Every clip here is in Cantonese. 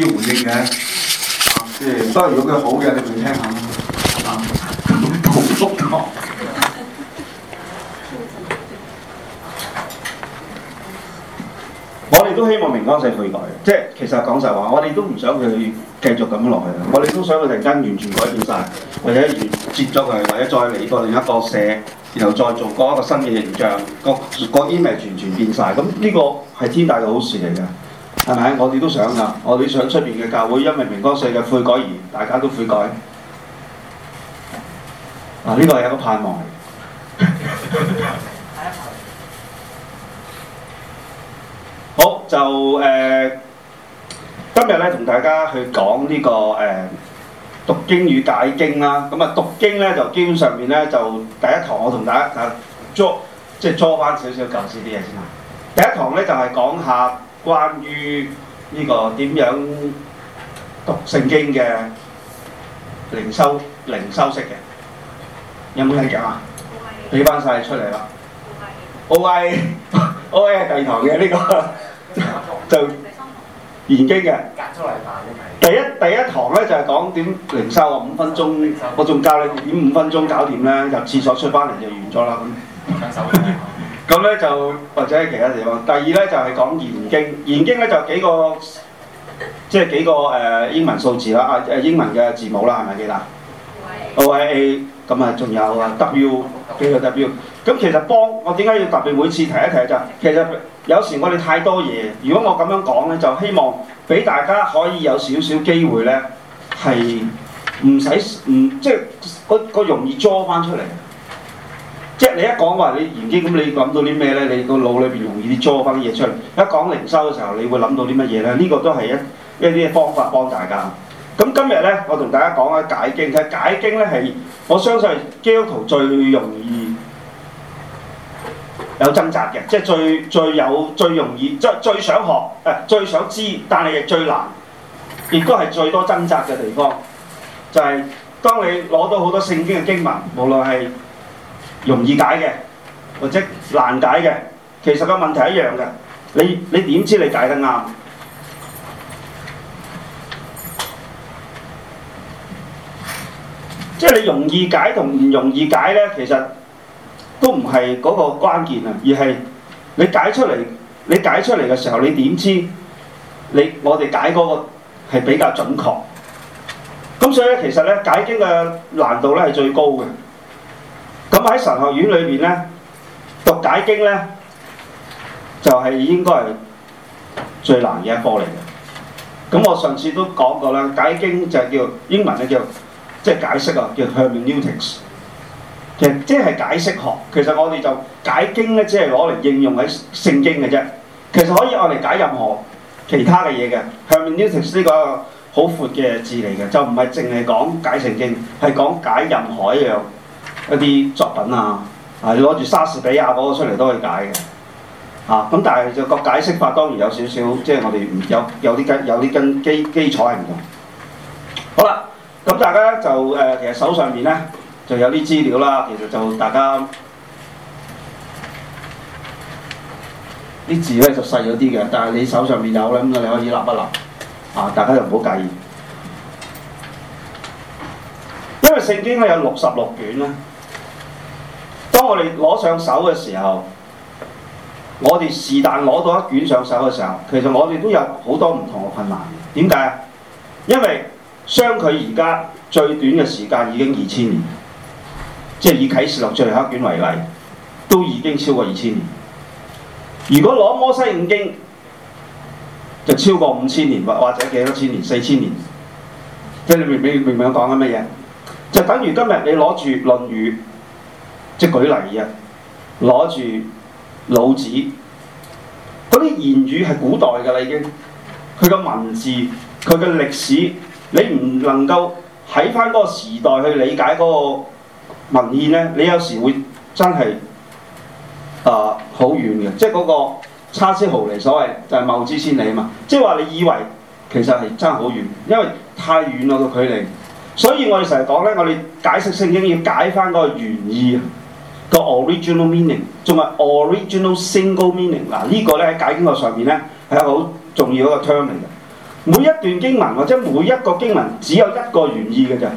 要回應嘅，即係當然。如果佢好嘅，你咪聽下。啊，咁複雜。我哋都希望明光社去改，即係其實講實話，我哋都唔想佢繼續咁落去。我哋都想佢突然間完全改變晒，或者完結束佢，或者再嚟過另一個社，然後再做過一個新嘅形象，各各啲嘢全全變晒。咁呢個係天大嘅好事嚟嘅。係咪？我哋都想㗎，我哋想出面嘅教會，因為明，明光世界悔改而大家都悔改。嗱、啊，呢個係一個盼望。 好，就、呃、今日咧，同大家去講呢、這個誒、呃、讀經與解經啦。咁啊，讀經咧就基本上面咧就第一堂我同大家就捉即係捉返少少舊時啲嘢先。第一堂咧就係、是、講下。關於呢個點樣讀聖經嘅靈修靈修式嘅，有冇人講啊？畀翻晒出嚟啦。O I O、oh, I O I O I 係第二堂嘅呢、呢個 就研經嘅。第一第一堂咧就係講點靈修啊，五分鐘，修我仲教你點五分鐘搞掂咧，入廁所出翻嚟就完咗啦咁。咁呢就或者係其他地方。第二呢就係講研經，研經呢就幾個即係幾個誒、呃、英文數字啦，啊英文嘅字母啦，係咪記得？O A A，咁啊仲有啊 W，幾個 W, w。咁其實幫我點解要特別每次提一提？就、其實有時我哋太多嘢，如果我咁樣講呢，就希望俾大家可以有少少機會呢，係唔使唔即係個個容易抓翻出嚟。即係你一講話你研經咁，你諗到啲咩呢？你個腦裏邊容易啲，捉翻啲嘢出嚟。一講靈修嘅時候，你會諗到啲乜嘢呢？呢、這個都係一一啲方法幫大家。咁今日呢，我同大家講下解經。解經呢，係我相信基督徒最容易有掙扎嘅，即係最最有最容易即最最想學誒最想知，但係亦最難，亦都係最多掙扎嘅地方。就係、是、當你攞到好多聖經嘅經文，無論係。容易解嘅，或者難解嘅，其實個問題一樣嘅。你你點知你解得啱？即係你容易解同唔容易解呢，其實都唔係嗰個關鍵啊，而係你解出嚟，你解出嚟嘅時候，你點知你我哋解嗰個係比較準確？咁所以呢，其實呢，解經嘅難度呢係最高嘅。咁喺神學院裏邊呢，讀解經呢就係、是、應該係最難嘅一科嚟嘅。咁我上次都講過啦，解經就係叫英文呢叫即係、就是、解釋啊，叫 hermeneutics。其實即係解釋學，其實我哋就解經呢，只係攞嚟應用喺聖經嘅啫。其實可以攞嚟解任何其他嘅嘢嘅。hermeneutics 呢個好闊嘅字嚟嘅，就唔係淨係講解聖經，係講解任何一樣。一啲作品啊，啊，你攞住莎士比亞嗰個出嚟都可以解嘅，啊，咁但係就個解釋法當然有少少，即係我哋有有啲根有啲根基基礎係唔同。好啦，咁大家就誒、呃，其實手上面咧就有啲資料啦，其實就大家啲字咧就細咗啲嘅，但係你手上面有咧咁，你可以立一立。啊？大家就唔好介意，因為聖經咧有六十六卷咧。當我哋攞上手嘅時候，我哋是但攞到一卷上手嘅時候，其實我哋都有好多唔同嘅困難。點解？因為相距而家最短嘅時間已經二千年，即係以啟示錄最後一卷為例，都已經超過二千年。如果攞摩西五經，就超過五千年，或或者幾多千年，四千年。即係你明唔明？明唔明我講緊乜嘢？就等於今日你攞住《論語》。即係舉例啊！攞住老子嗰啲言語係古代嘅啦，已經佢嘅文字、佢嘅歷史，你唔能夠喺翻嗰個時代去理解嗰個文獻咧，你有時會真係啊好遠嘅，即係嗰個差、就是、之毫厘所謂就係謬之千里啊嘛！即係話你以為其實係差好遠，因為太遠啦、個距離。所以我哋成日講咧，我哋解釋聖經要解翻嗰個原意。個 original meaning 仲係 original single meaning 嗱，呢、這個呢，喺解經學上面呢，係一個好重要一個 term 嚟嘅。每一段經文或者每一個經文只有一個原意嘅咋。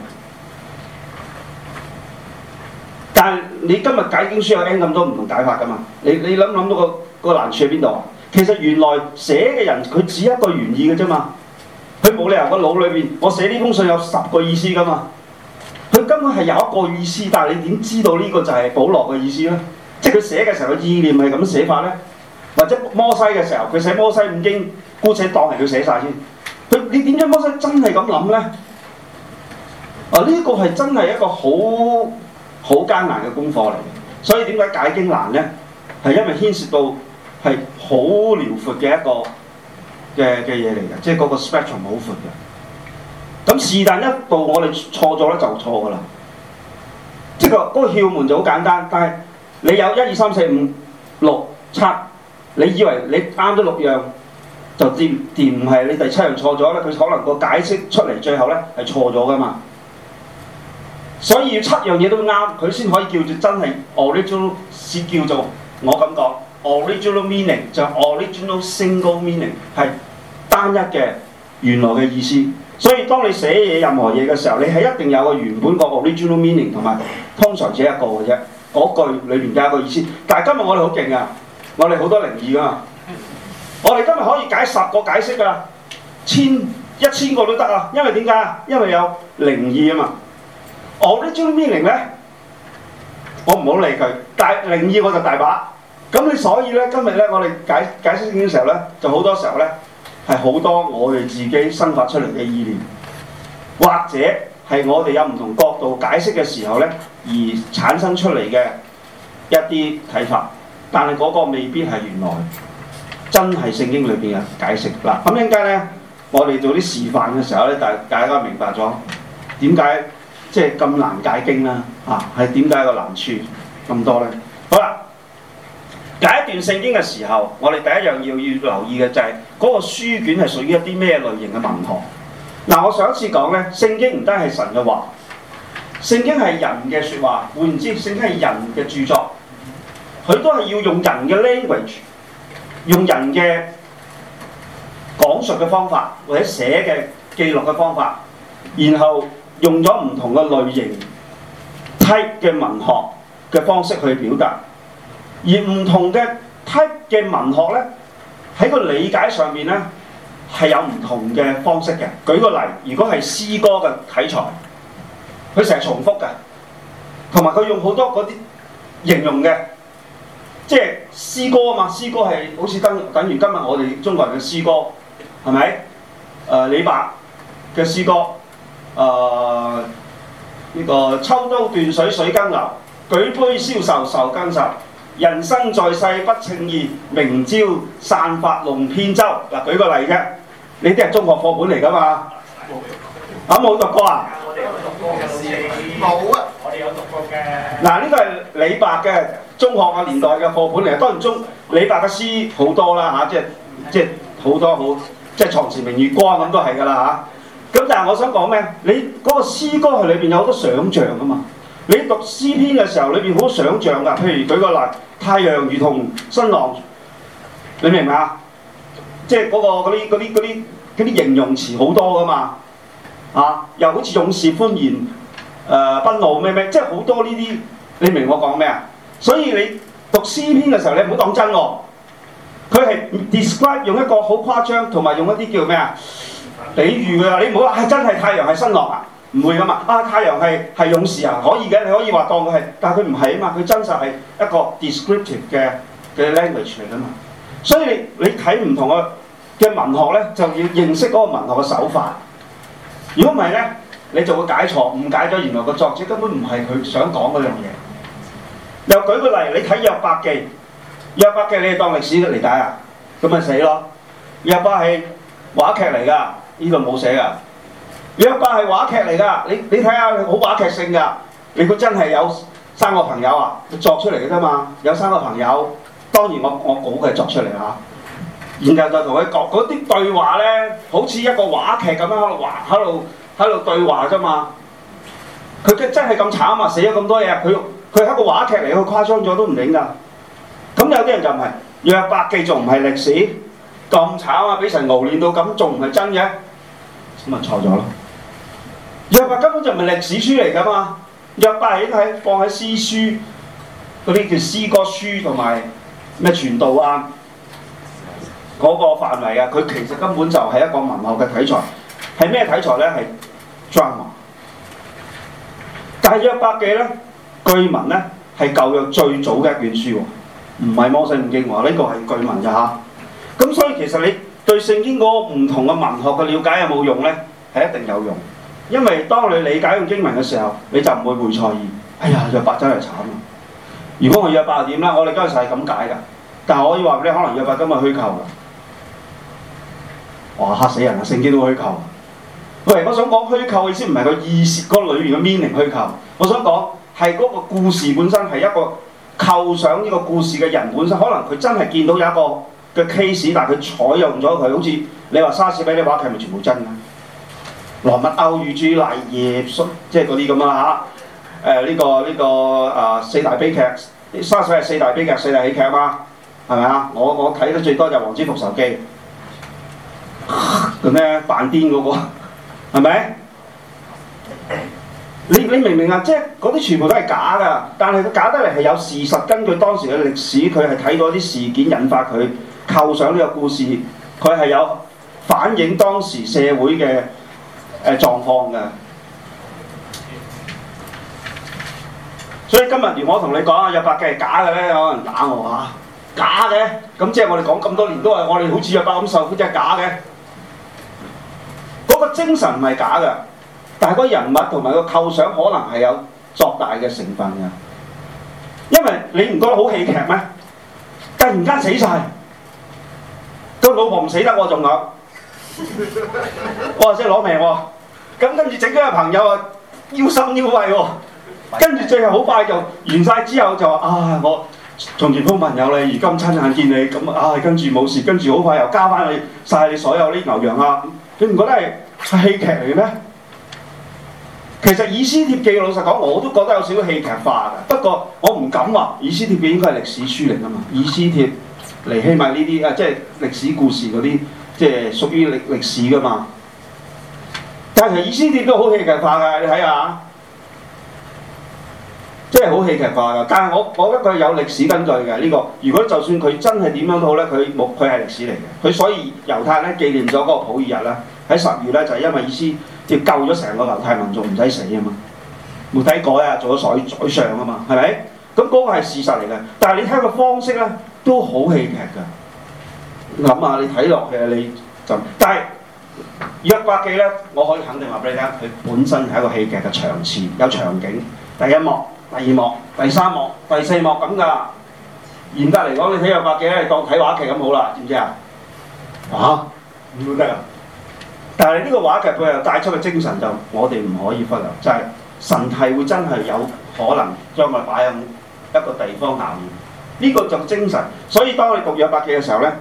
但係你今日解經書有 n 咁多唔同解法噶嘛？你你諗諗到、嗰個、嗰個難處喺邊度啊？其實原來寫嘅人佢只一個原意嘅啫嘛，佢冇理由個腦裏面，我寫呢封信有十個意思噶嘛。佢根本係有一個意思，但係你點知道呢個就係保羅嘅意思咧？即係佢寫嘅時候，意念係咁寫法咧，或者摩西嘅時候，佢寫摩西五經，姑且當係佢寫晒先。佢你點解摩西真係咁諗咧？啊，呢、呢個係真係一個好好艱難嘅功課嚟嘅，所以點解解經難咧？係因為牽涉到係好遼闊嘅一個嘅嘅嘢嚟嘅，即係嗰個 spectrum 好闊嘅。咁是但一步，我哋錯咗咧就錯噶啦。即係個嗰個竅門就好簡單，但係你有一二三四五六七，你以為你啱咗六樣就，就掂掂，唔係你第七樣錯咗咧，佢可能個解釋出嚟最後咧係錯咗噶嘛。所以要七樣嘢都啱，佢先可以叫做真係 original 先叫做我咁講 original meaning 就 original single meaning 係單一嘅原來嘅意思。所以當你寫嘢任何嘢嘅時候，你係一定有個原本個 original meaning 同埋通常寫一個嘅啫。嗰句裏邊加個意思。但係今日我哋好勁啊！我哋好多靈異啊嘛。我哋今日可以解十個解釋噶，千一千個都得啊。因為點解啊？因為有靈異啊嘛。Original meaning 咧，我唔好理佢。但係靈異我就大把。咁你所以咧，今日咧我哋解解釋嘅時候咧，就好多時候咧。係好多我哋自己生發出嚟嘅意念，或者係我哋有唔同角度解釋嘅時候咧，而產生出嚟嘅一啲睇法，但係嗰個未必係原來真係聖經裏邊嘅解釋。嗱，咁一陣間咧，我哋做啲示範嘅時候咧，大大家明白咗點解即係咁難解經啦。嚇、啊，係點解個難處咁多咧？好啦。第一段聖經嘅時候，我哋第一樣要要留意嘅就係嗰個書卷係屬於一啲咩類型嘅文學。嗱，我上一次講咧，聖經唔單係神嘅話，聖經係人嘅説話，換言之，聖經係人嘅著作，佢都係要用人嘅 language，用人嘅講述嘅方法或者寫嘅記錄嘅方法，然後用咗唔同嘅類型 type 嘅文學嘅方式去表達。而唔同嘅體嘅文學呢，喺個理解上面呢，係有唔同嘅方式嘅。舉個例，如果係詩歌嘅題材，佢成日重複嘅，同埋佢用好多嗰啲形容嘅，即係詩歌嘛。詩歌係好似今等於今日我哋中國人嘅詩歌，係咪？誒、呃、李白嘅詩歌，誒、呃、呢、這個抽刀斷水水更流，舉杯消愁愁更愁。人生在世不稱意，明朝散發弄扁舟。嗱，舉個例嘅，呢啲係中學課本嚟噶嘛？啊，冇讀過啊？冇啊！我哋有讀過嘅。嗱，呢個係李白嘅中學嘅年代嘅課本嚟，當然李白嘅詩好多啦，即係好多好，即係床前明月光咁都係噶啦嚇。但係我想講咩？你嗰、那個詩歌佢裏邊有好多想像啊嘛～你讀詩篇嘅時候，裏邊好想像㗎。譬如舉個例，「太陽如同新郎」，你明唔明啊？即係嗰個嗰啲嗰啲嗰形容詞好多㗎嘛，嚇、啊！又好似勇士歡然，誒奔路咩咩，即係好多呢啲。你明我講咩啊？所以你讀詩篇嘅時候，你唔好當真喎、哦。佢係 describe 用一個好誇張，同埋用一啲叫咩啊？比喻㗎。你唔好話「真係太陽係新郎」。啊！唔會㗎嘛啊！太陽係係勇士啊，可以嘅，你可以話當佢係，但係佢唔係啊嘛，佢真實係一個 descriptive 嘅 language 嚟㗎嘛。所以你睇唔同嘅文學呢，就要認識嗰個文學嘅手法。如果唔係呢，你就會解錯，誤解咗原來個作者根本唔係佢想講嗰樣嘢。又舉個例，你睇《約伯記》，《約伯記》你係當歷史嚟解啊？咁咪死咯！《約伯記》話劇嚟㗎，呢度冇寫㗎。《約伯》係話劇嚟㗎，你你睇下好話劇性㗎。你估真係有三個朋友啊，作出嚟㗎嘛。有三個朋友，當然我我估佢作出嚟啦。然後就同佢講嗰啲對話呢，好似一個話劇咁樣喺度話喺度喺度對話啫嘛。佢佢真係咁慘啊，死咗咁多嘢。佢佢係一個話劇嚟，佢誇張咗都唔認㗎。咁有啲人就唔係《約伯記》，仲唔係歷史咁慘啊？俾神熬煉到咁，仲唔係真嘅？咁咪錯咗咯。《約伯》根本就唔係歷史書嚟㗎嘛，《約伯》你睇放喺詩書嗰啲叫詩歌書同埋咩傳道啊嗰個範圍啊，佢其實根本就係一個文學嘅題材，係咩題材呢？係 drama。但係《約伯記》呢，據聞呢，係舊約最早嘅一卷書喎，唔係摩西五經話呢個係據聞啫。咁所以其實你對聖經嗰個唔同嘅文學嘅了解有冇用呢？係一定有用。因為當你理解用英文嘅時候，你就唔會會錯意。哎呀，約伯真係慘！如果我約伯點呢？我哋嗰陣時係咁解㗎。但係我可以話俾你，可能約伯今日虛構嘅。哇，嚇死人啊！聖經都虛構。喂，我想講虛構嘅意思唔係個意思，個裡面嘅 meaning 虛構。我想講係嗰個故事本身係一個構想。呢個故事嘅人本身可能佢真係見到有一個嘅 case，但係佢採用咗佢。好似你話莎士比亞話劇係咪全部真㗎？羅密歐與朱麗葉，即係嗰啲咁啊。嚇、這個。呢、這個呢個啊四大悲劇，三世係四大悲劇、四大喜劇啊嘛，係咪啊？我我睇得最多就係《王子復仇記》，個咩扮癲嗰個，係咪？你你明唔明啊，即係嗰啲全部都係假㗎，但係佢假得嚟係有事實根據，當時嘅歷史佢係睇到啲事件引發佢構想呢個故事，佢係有反映當時社會嘅。誒、呃、狀況嘅，所以今日如果我同你講啊，約伯嘅係假嘅咧，可能打我嚇，假嘅，咁即係我哋講咁多年都係，我哋好似約伯咁受苦，即係假嘅。嗰、嗰個精神唔係假嘅，但係嗰人物同埋個構想可能係有作大嘅成分嘅，因為你唔覺得好戲劇咩？突然間死晒，個老婆唔死得我，我仲有。 哇！即係攞命喎，啊，咁跟住整咗個朋友要要啊，腰心腰肺喎，跟住最後好快就完晒之後就話啊、哎，我從前風聞有你，如今親眼見你咁啊、哎，跟住冇事，跟住好快又加翻你晒你所有啲牛羊啊，你唔覺得係係戲劇嚟咩？其實《以斯帖記》老實講，我都覺得有少少戲劇化嘅，不過我唔敢話《以斯帖記》應該係歷史書嚟啊嘛，《以斯帖》、尼希米呢啲啊，即係歷史故事嗰啲。即係屬於歷歷史噶嘛，但係以斯帖亦都好戲劇化㗎，你睇下，即係好戲劇化㗎。但係我我覺得佢有歷史根據嘅呢、這個。如果就算佢真係點樣都好咧，佢冇佢係歷史嚟嘅。佢所以猶太咧紀念咗嗰個普珥日啦，喺十月咧就係、是、因為以斯帖就救咗成個猶太民族唔使死啊嘛，末底改啊做咗宰宰相啊嘛，係咪？咁、那、嗰個係事實嚟嘅，但係你睇個方式咧都好戲劇㗎。諗下你睇落去你就，但係《約伯記》咧，我可以肯定話俾你聽，佢本身係一個戲劇嘅場次，有場景，第一幕、第二幕、第三幕、第四幕咁噶。嚴格嚟講，你睇《約伯記》咧，當睇話劇咁好啦，知唔知啊？嚇，唔會得啊！但係呢個話劇佢有帶出嘅精神就，我哋唔可以忽略，就係神係會真係有可能將佢擺喺一個地方下面。呢個就精神。所以當你哋讀《約伯記》嘅時候咧。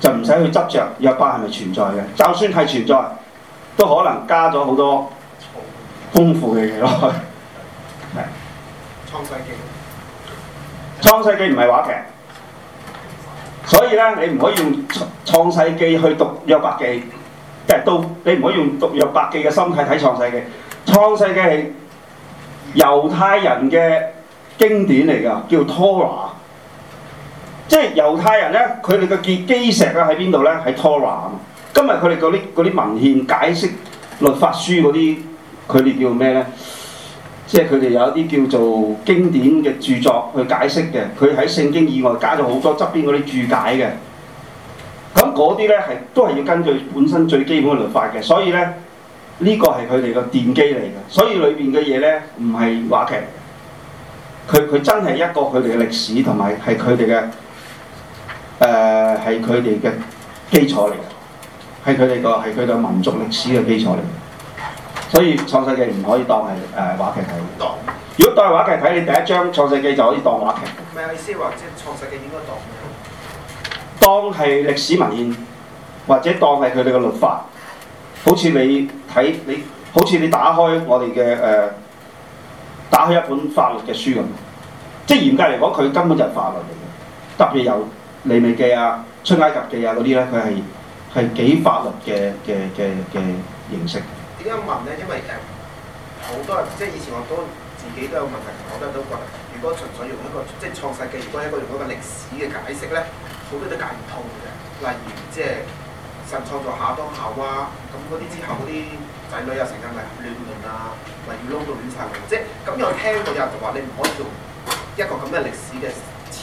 就唔使去執着，約伯係咪存在嘅，就算係存在，都可能加咗好多豐富嘅嘢落去。創世記， 創世記唔係話劇，所以咧你唔可以用創世記去讀約伯記，即係到你唔可以用讀約伯記嘅心態睇創世記。創世記係猶太人嘅經典嚟㗎，叫《托拉》。即係猶太人咧，佢哋嘅建基石啊喺邊度咧？喺《Torah》。今日佢哋嗰啲啲文獻解釋律法書嗰啲，佢哋叫咩咧？即係佢哋有一啲叫做經典嘅著作去解釋嘅。佢喺聖經以外加咗好多側邊嗰啲注解嘅。咁嗰啲咧係都係要根據本身最基本嘅律法嘅。所以咧，呢個係佢哋嘅奠基嚟嘅。所以裏邊嘅嘢咧唔係話劇。佢佢真係一個佢哋嘅歷史同埋係佢哋嘅。誒係佢哋嘅基礎嚟嘅，係佢哋個係佢哋民族歷史嘅基礎嚟。所以創世記唔可以當係誒、呃、話劇睇。當，如果當係話劇睇，你第一章創世記就可以當話劇。唔係，意思話即係創世記應該當咩？當係歷史文獻，或者當係佢哋嘅律法。好似你睇你，好似你打開我哋嘅誒，打開一本法律嘅書咁。即係嚴格嚟講，佢根本就係法律嚟嘅，特別有。你咪記啊，出埃及記啊嗰啲咧，佢係係幾法律嘅嘅嘅嘅形式。點解問咧？因為好多即係以前我都自己都有問題講得，都覺得都如果純粹用一個即係創世記，如果一個用一個歷史嘅解釋咧，好多都解唔通嘅。例如即係神創造亞當夏娃，啊，咁嗰啲之後嗰啲仔女又成日咪亂倫啊，例如撈到亂策，即係咁有聽過有人就話你唔可以用一個咁嘅歷史嘅。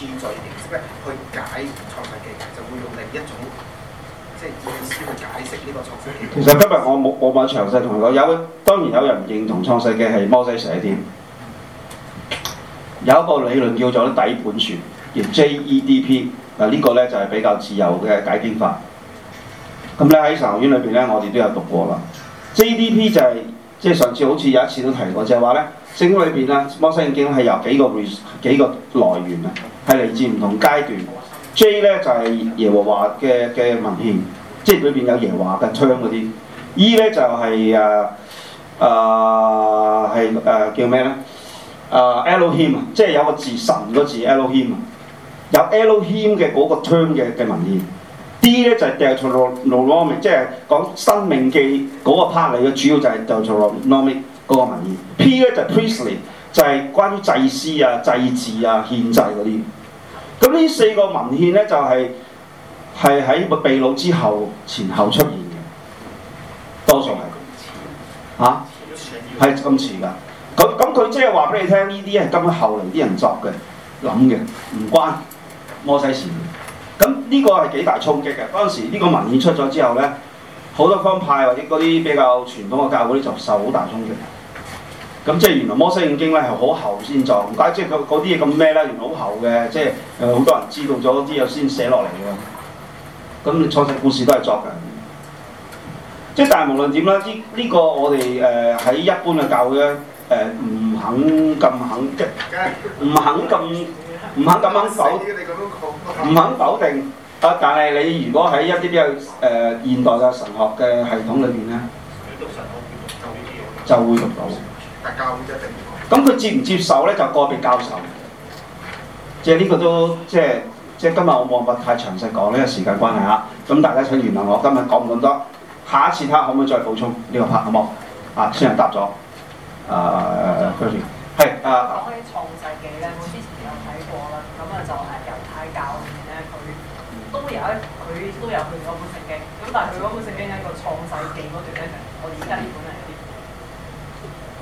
去解創世記，就會用另一種即係意思去解釋呢個創世記。其實今日我冇冇辦法詳細同你講，有當然有人唔認同創世記係摩西寫添。有一個理論叫做底盤樹，叫 JEDP。嗱呢個咧就係、是、比較自由嘅解經法。咁咧喺神學院裏邊咧，我哋都有讀過啦。JDP 就係即係上次好似有一次都提過，就係話咧。聖經裏邊啦，面《摩西記》係由幾個幾個來源啊，係嚟自唔同階段。J 咧就係、是、耶和華嘅嘅文獻，即係裏邊有耶和華嘅槍嗰啲。E 咧就係誒誒係誒叫咩咧？誒、呃、Elohim 啊，即係有個字神字 him, 個字 Elohim 啊，有 Elohim 嘅嗰個槍嘅嘅文獻。D 咧就係 Deuteronomic，即係講申命記嗰個 part 嚟嘅，主要就係 Deuteronomic 嗰個文獻 P 咧 Pr 就 Priestly 就係關於祭司啊、祭祀啊、獻祭嗰啲。咁呢四個文獻咧就係係喺被擄之後前後出現嘅，多數係、啊、咁遲嚇係咁遲㗎。佢咁佢即係話俾你聽，呢啲係根本後嚟啲人作嘅諗嘅，唔關摩西事。咁呢個係幾大衝擊嘅。當時呢個文獻出咗之後咧，好多方派或者嗰啲比較傳統嘅教會就受好大衝擊。咁即係原來摩西五經咧係好後先作，唔怪即係佢嗰啲嘢咁咩啦？原來好後嘅，即係誒好多人知道咗啲嘢先寫落嚟嘅。咁你創世故事都係作㗎，即係但係無論點啦，呢、呢、呢個我哋誒喺一般嘅教會咧誒唔肯咁肯唔肯咁唔肯咁肯否，唔肯否定。啊，但係你如果喺一啲比較誒現代嘅神學嘅系統裏邊咧，就會讀到。咁佢接唔接受咧？就個別教授，即係呢個都即係即係今日我冇辦法太詳細講，因為時間關係啊。咁大家請原諒我，今日講唔咁多，下一次睇下可唔可以再補充呢個拍好冇？啊，先人答咗，誒，係啊。講、啊、起、啊、創世記咧，我之前有睇過啦，咁啊就係猶太教咧，佢都有咧，佢都有佢嗰本聖經，咁但係佢嗰本聖經喺個創世記嗰段咧，我而家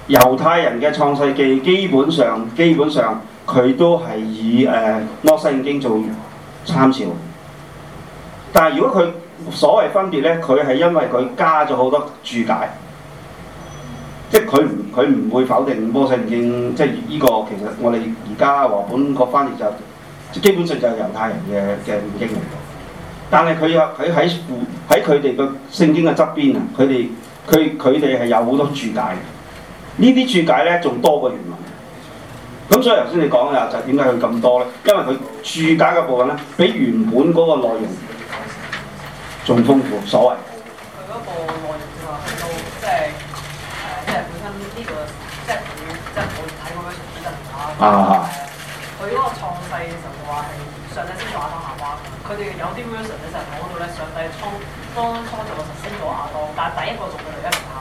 猶太人嘅創世記基本上，基本上佢都係以誒、摩、呃、西五經做參照，但係如果佢所謂分別咧，佢係因為佢加咗好多注解，即係佢唔佢唔會否定摩西五經，即係、這、呢個其實我哋而家和本個翻譯就基本上就係猶太人嘅嘅五經嚟嘅，但係佢又佢喺喺佢哋個聖經嘅側邊啊，佢哋佢佢哋係有好多注解嘅。呢啲注解咧仲多過原文。咁所以頭先你講嘅就係點解佢咁多咧？因為佢注解嘅部分咧比原本嗰個內容仲豐富，所謂。佢嗰個內容就話去到即係誒，即係本身呢個即係即係我哋睇嗰啲《創世記》啊，誒、啊，佢嗰個創世嘅時候話係上帝先造亞當夏娃，佢哋有啲 version 咧就講到咧上帝初當初就個神先造亞當，但係第一個造嘅就一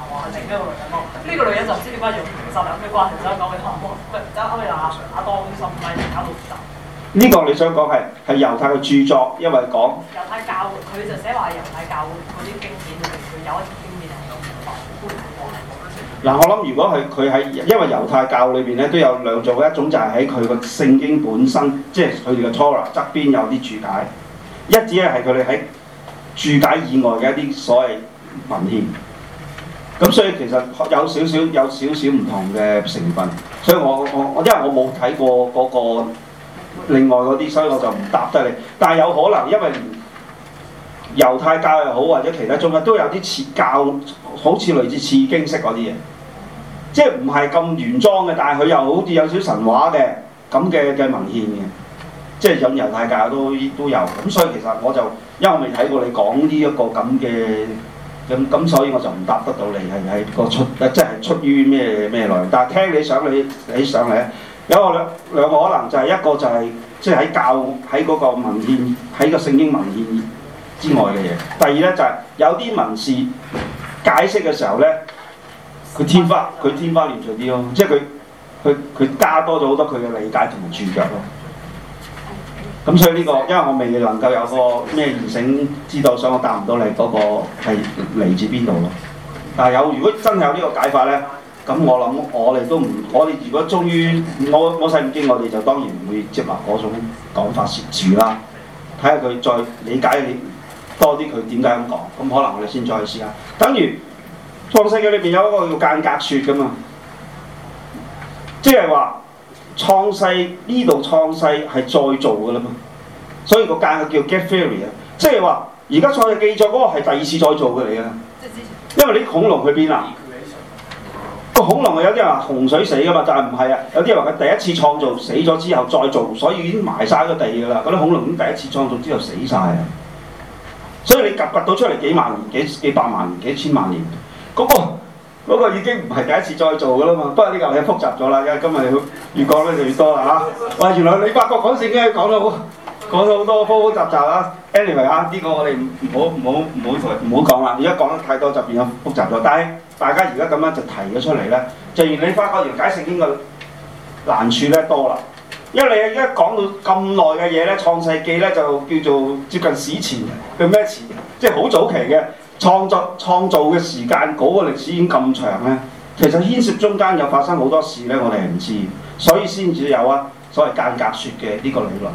呢個女人，就人，就唔知點解用拳頭有咩關係？想講你可能唔可唔下開打打當心，咪搞到手。呢個你想講係係猶太嘅著作，因為講猶太教，佢就寫話猶太教會嗰啲經典裏面有一啲經典係咁講。嗱、啊，我諗如果係佢喺，因為猶太教裏邊咧都有兩種，一種就係喺佢個聖經本身，即係佢哋嘅《Tora》側邊有啲注解，一隻係佢哋喺注解以外嘅一啲所謂文獻。咁所以其實有少少有少少唔同嘅成分，所以我我我因為我冇睇過嗰個另外嗰啲，所以我就唔答得你。但係有可能因為猶太教又好或者其他宗教都有啲似教，好似類似次經式嗰啲嘢，即係唔係咁原裝嘅，但係佢又好似有少少神話嘅咁嘅嘅文獻嘅，即係有猶太教都都有。咁所以其實我就因為我未睇過你講呢一個咁嘅。咁咁所以我就唔答得到你係係個出，即係出於咩咩內容，但係聽你上你你上嚟，有個兩兩個可能就係、是、一個就係即係喺教喺嗰個文獻喺個聖經文獻之外嘅嘢。第二咧就係、是、有啲文士解釋嘅時候咧，佢天花佢天花亂墜啲咯，即係佢佢佢加多咗好多佢嘅理解同埋注腳咯。咁所以呢個，因為我未能夠有個咩完整知道，所以我答唔到你嗰個係嚟自邊度。但有，如果真係有呢個解法呢，咁我諗我哋都唔，我哋如果終於，我我細唔經，我哋就當然唔會接納嗰種講法説主啦。睇下佢再理解你多啲，佢點解咁講，咁可能我哋先再試下。等於《創世記》裏面有一個叫間隔説噶嘛，即係話。創世呢度創世係再做噶啦嘛，所以個間叫 Get Fairy 啊，即係話而家創世記載嗰個係第二次再做嘅嚟啊。因為你啲恐龍去邊啊？個恐龍有啲人話洪水死噶嘛，但係唔係啊，有啲人話佢第一次創造死咗之後再做，所以已經埋晒個地噶啦，嗰啲恐龍已經第一次創造之後死晒啊，所以你夾夾到出嚟幾萬年、幾幾百萬年、幾千萬年嗰個嗰個已經唔係第一次再做嘅啦嘛，不過呢個嘢複雜咗啦，今日越，越講咧就越多啦嚇。喂，原來你發覺講聖經講到好講得多複複雜雜 a n n i e 啊，呢、anyway, 個我哋唔好唔好唔好再唔好講啦，而家講得太多，就變咗複雜咗。但係大家而家咁樣就提咗出嚟呢，就而你發覺解聖經嘅難處呢多啦，因為你一講到咁耐嘅嘢咧，創世記呢就叫做接近史前叫咩詞，即係好早期嘅。創作創造嘅時間嗰個歷史已經咁長呢，其實牽涉中間又發生好多事呢，我哋唔知，所以先至有啊，所謂間隔説嘅呢個理論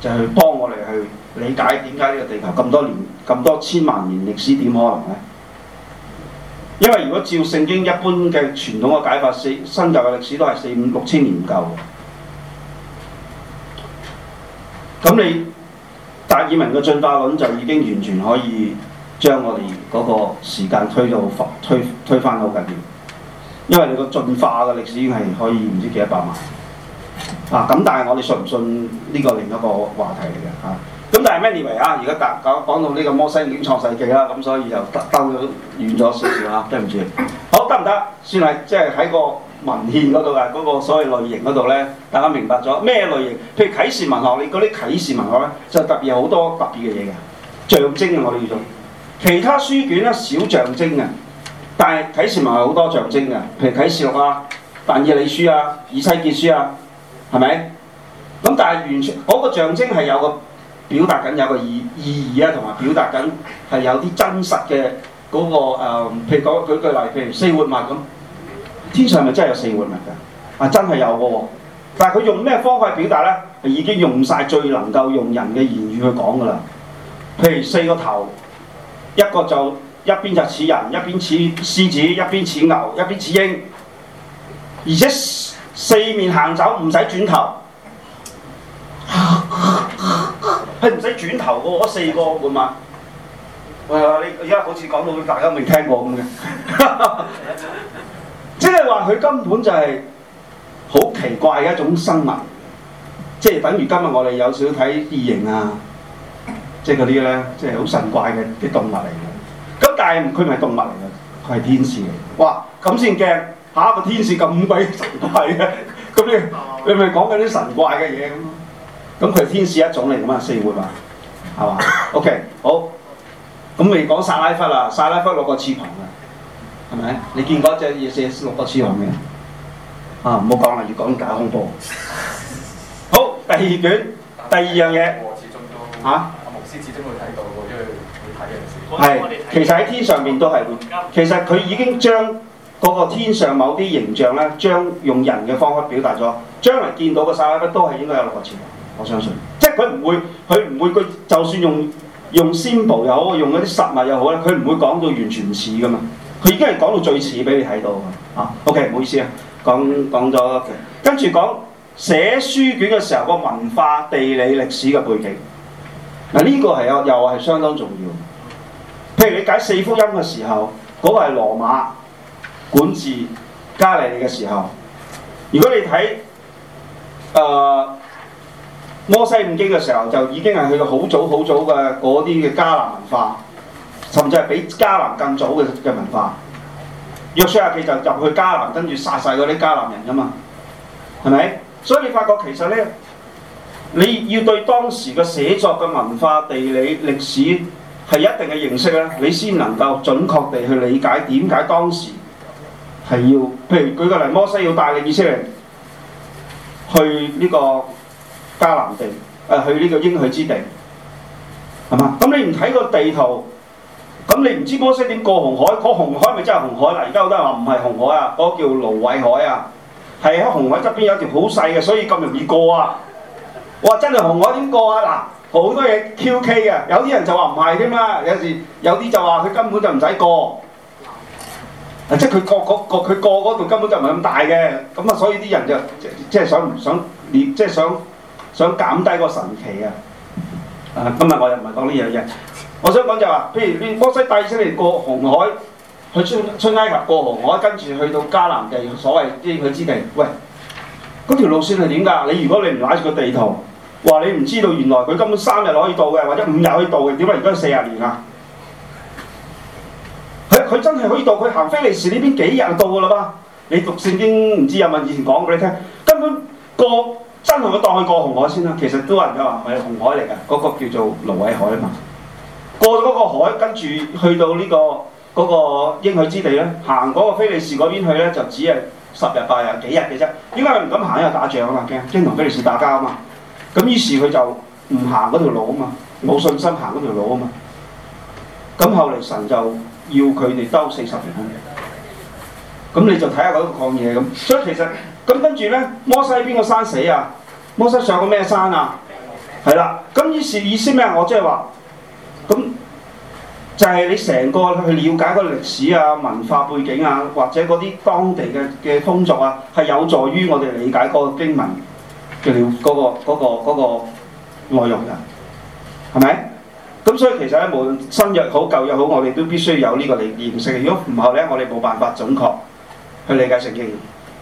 就係去幫我哋去理解，點解呢個地球咁多年咁多千萬年歷史點可能呢？因為如果照聖經一般嘅傳統嘅解法，四新舊約嘅歷史都係四五六千年唔夠，咁你達爾文嘅進化論就已經完全可以。將我哋嗰個時間推到翻推推翻，好緊要，因為你個進化嘅歷史係可以唔知幾一百萬啊！咁但係我哋信唔信呢個，另一個話題嚟嘅嚇。咁但係 anyway 啊，而家講講到呢個摩西遠創世紀啦，咁、啊、所以就兜咗遠咗少少嚇，對唔住。好得唔得？先係即係喺個文獻嗰度呀，嗰個所謂類型嗰度咧，大家明白咗咩類型？譬如啟示文學，你嗰啲啟示文學咧，就特別有好多特別嘅嘢嘅象徵啊，我哋叫做。其他書卷咧少象徵嘅、啊，但係啟示文係好多象徵嘅、啊，譬如啟示錄啊、但以理書啊、以西結書啊，係咪？咁但係完全嗰、那個象徵係有個表達緊，有個意意義啊，同埋表達緊係有啲真實嘅嗰、那個譬如講舉句例，譬如四活物咁，天上係咪真係有四活物㗎？啊，真係有個、啊，但係佢用咩方法表達咧？係已經用晒最能夠用人嘅言語去講㗎啦。譬如四個頭。一個就一邊就似人，一邊似獅子，一邊似牛，一邊似鷹，而且四面行走唔使轉頭，係唔使轉頭嘅嗰四個喎？誒、哎，你而家好似講到大家都未聽過咁嘅，即係話佢根本就係好奇怪一種生物，即係等於今日我哋有少少睇異形啊。即係嗰啲咧，即係好神怪嘅啲動物嚟嘅。咁但係佢唔係動物嚟嘅，佢係天使嚟嘅。哇！咁先驚下一個天使咁鬼神怪嘅，咁 你你咪講緊啲神怪嘅嘢咁。咁佢係天使一種嚟㗎嘛，四會嘛，係嘛？OK，好。咁未講薩拉忽啦，薩拉忽六個翅膀嘅，係咪？你見嗰隻嘢四六個翅膀未？啊，唔好講啦，要講假恐怖。好，第二卷第二樣嘢。啊？始會睇到，因為會睇人字。係，其實喺天上面都係會，其實佢已經將嗰個天上某啲形象咧，將用人嘅方法表達咗。將來見到個撒拉弗都係應該有六個字，我相信。即係佢唔會，佢唔會，佢就算用用 Symbol 又好，用嗰啲實物又好咧，佢唔會講到完全唔似噶嘛。佢已經係講到最似俾你睇到啊。OK，唔好意思啊，講講咗，okay。跟住講寫書卷嘅時候個文化、地理、歷史嘅背景。嗱呢個係我又係相當重要。譬如你解四福音嘅時候，嗰、那個係羅馬管治加利利嘅時候。如果你睇誒、呃、摩西五經嘅時候，就已經係去到好早好早嘅嗰啲嘅迦南文化，甚至係比迦南更早嘅嘅文化。約書亞記就入去迦南，跟住殺晒嗰啲迦南人㗎嘛，係咪？所以你發覺其實咧。你要對當時嘅寫作嘅文化、地理、歷史係一定嘅認識，你先能夠準確地去理解點解當時係要，譬如舉個例，摩西要帶以色列人去呢個迦南地，呃、去呢個應許之地，係嘛？咁你唔睇個地圖，咁你唔知摩西點過紅海，嗰個紅海咪真係紅海啦？而家好多人話唔係紅海啊，嗰、嗰個、叫蘆葦海啊，係喺紅海側邊有條好細嘅，所以咁容易過啊！哇！真係紅海點過啊？嗱，好多嘢蹊蹺嘅，有啲人就話唔係添啦。有時有啲就話佢根本就唔使過，即係佢過嗰，佢過嗰度根本就唔係咁大嘅。咁、嗯、啊，所以啲人就即係想想，即係想即想減低個神奇嘅、啊。啊，今日我又唔係講呢樣嘢，我想講就話、是，譬如摩西帶出嚟過紅海，去出出埃及過紅海，跟住去到迦南地，所謂應許之地。喂，嗰條路線係點㗎？你如果你唔攬住個地圖？話你唔知道原來佢根本三日可以到嘅，或者五日可以到嘅，點解而家四十年啊？佢真係可以到，佢行非利士呢邊幾日就到噶啦嘛？你讀聖經唔知有冇以前講過你聽？根本過真係佢當佢過紅海先啦。其實都話咗話係紅海嚟嘅，嗰、那個叫做蘆葦海啊嘛。過咗嗰個海，跟住去到呢、這個嗰、那個應許之地咧，行嗰個非利士嗰邊去咧，就只係十日八日幾日嘅啫。點解佢唔敢行，因為打仗啊嘛，驚驚同非利士打交啊嘛。咁於是佢就唔行嗰條路啊嘛，冇信心行嗰條路啊嘛。咁後嚟神就要佢哋兜四十年。咁你就睇下嗰個抗嘢咁。所以其實咁跟住咧，摩西喺邊個山死啊？摩西上過咩山啊？係啦。咁於是意思咩？我即係話，咁就係你成個去了解個歷史啊、文化背景啊，或者嗰啲當地嘅嘅風俗啊，係有助於我哋理解嗰個經文。嗰、那個嗰、那個那個內容嘅，係咪？咁所以其實咧，無論新約好舊約好，我哋都必須有呢個理認識。如果唔係咧，我哋冇辦法準確去理解聖經。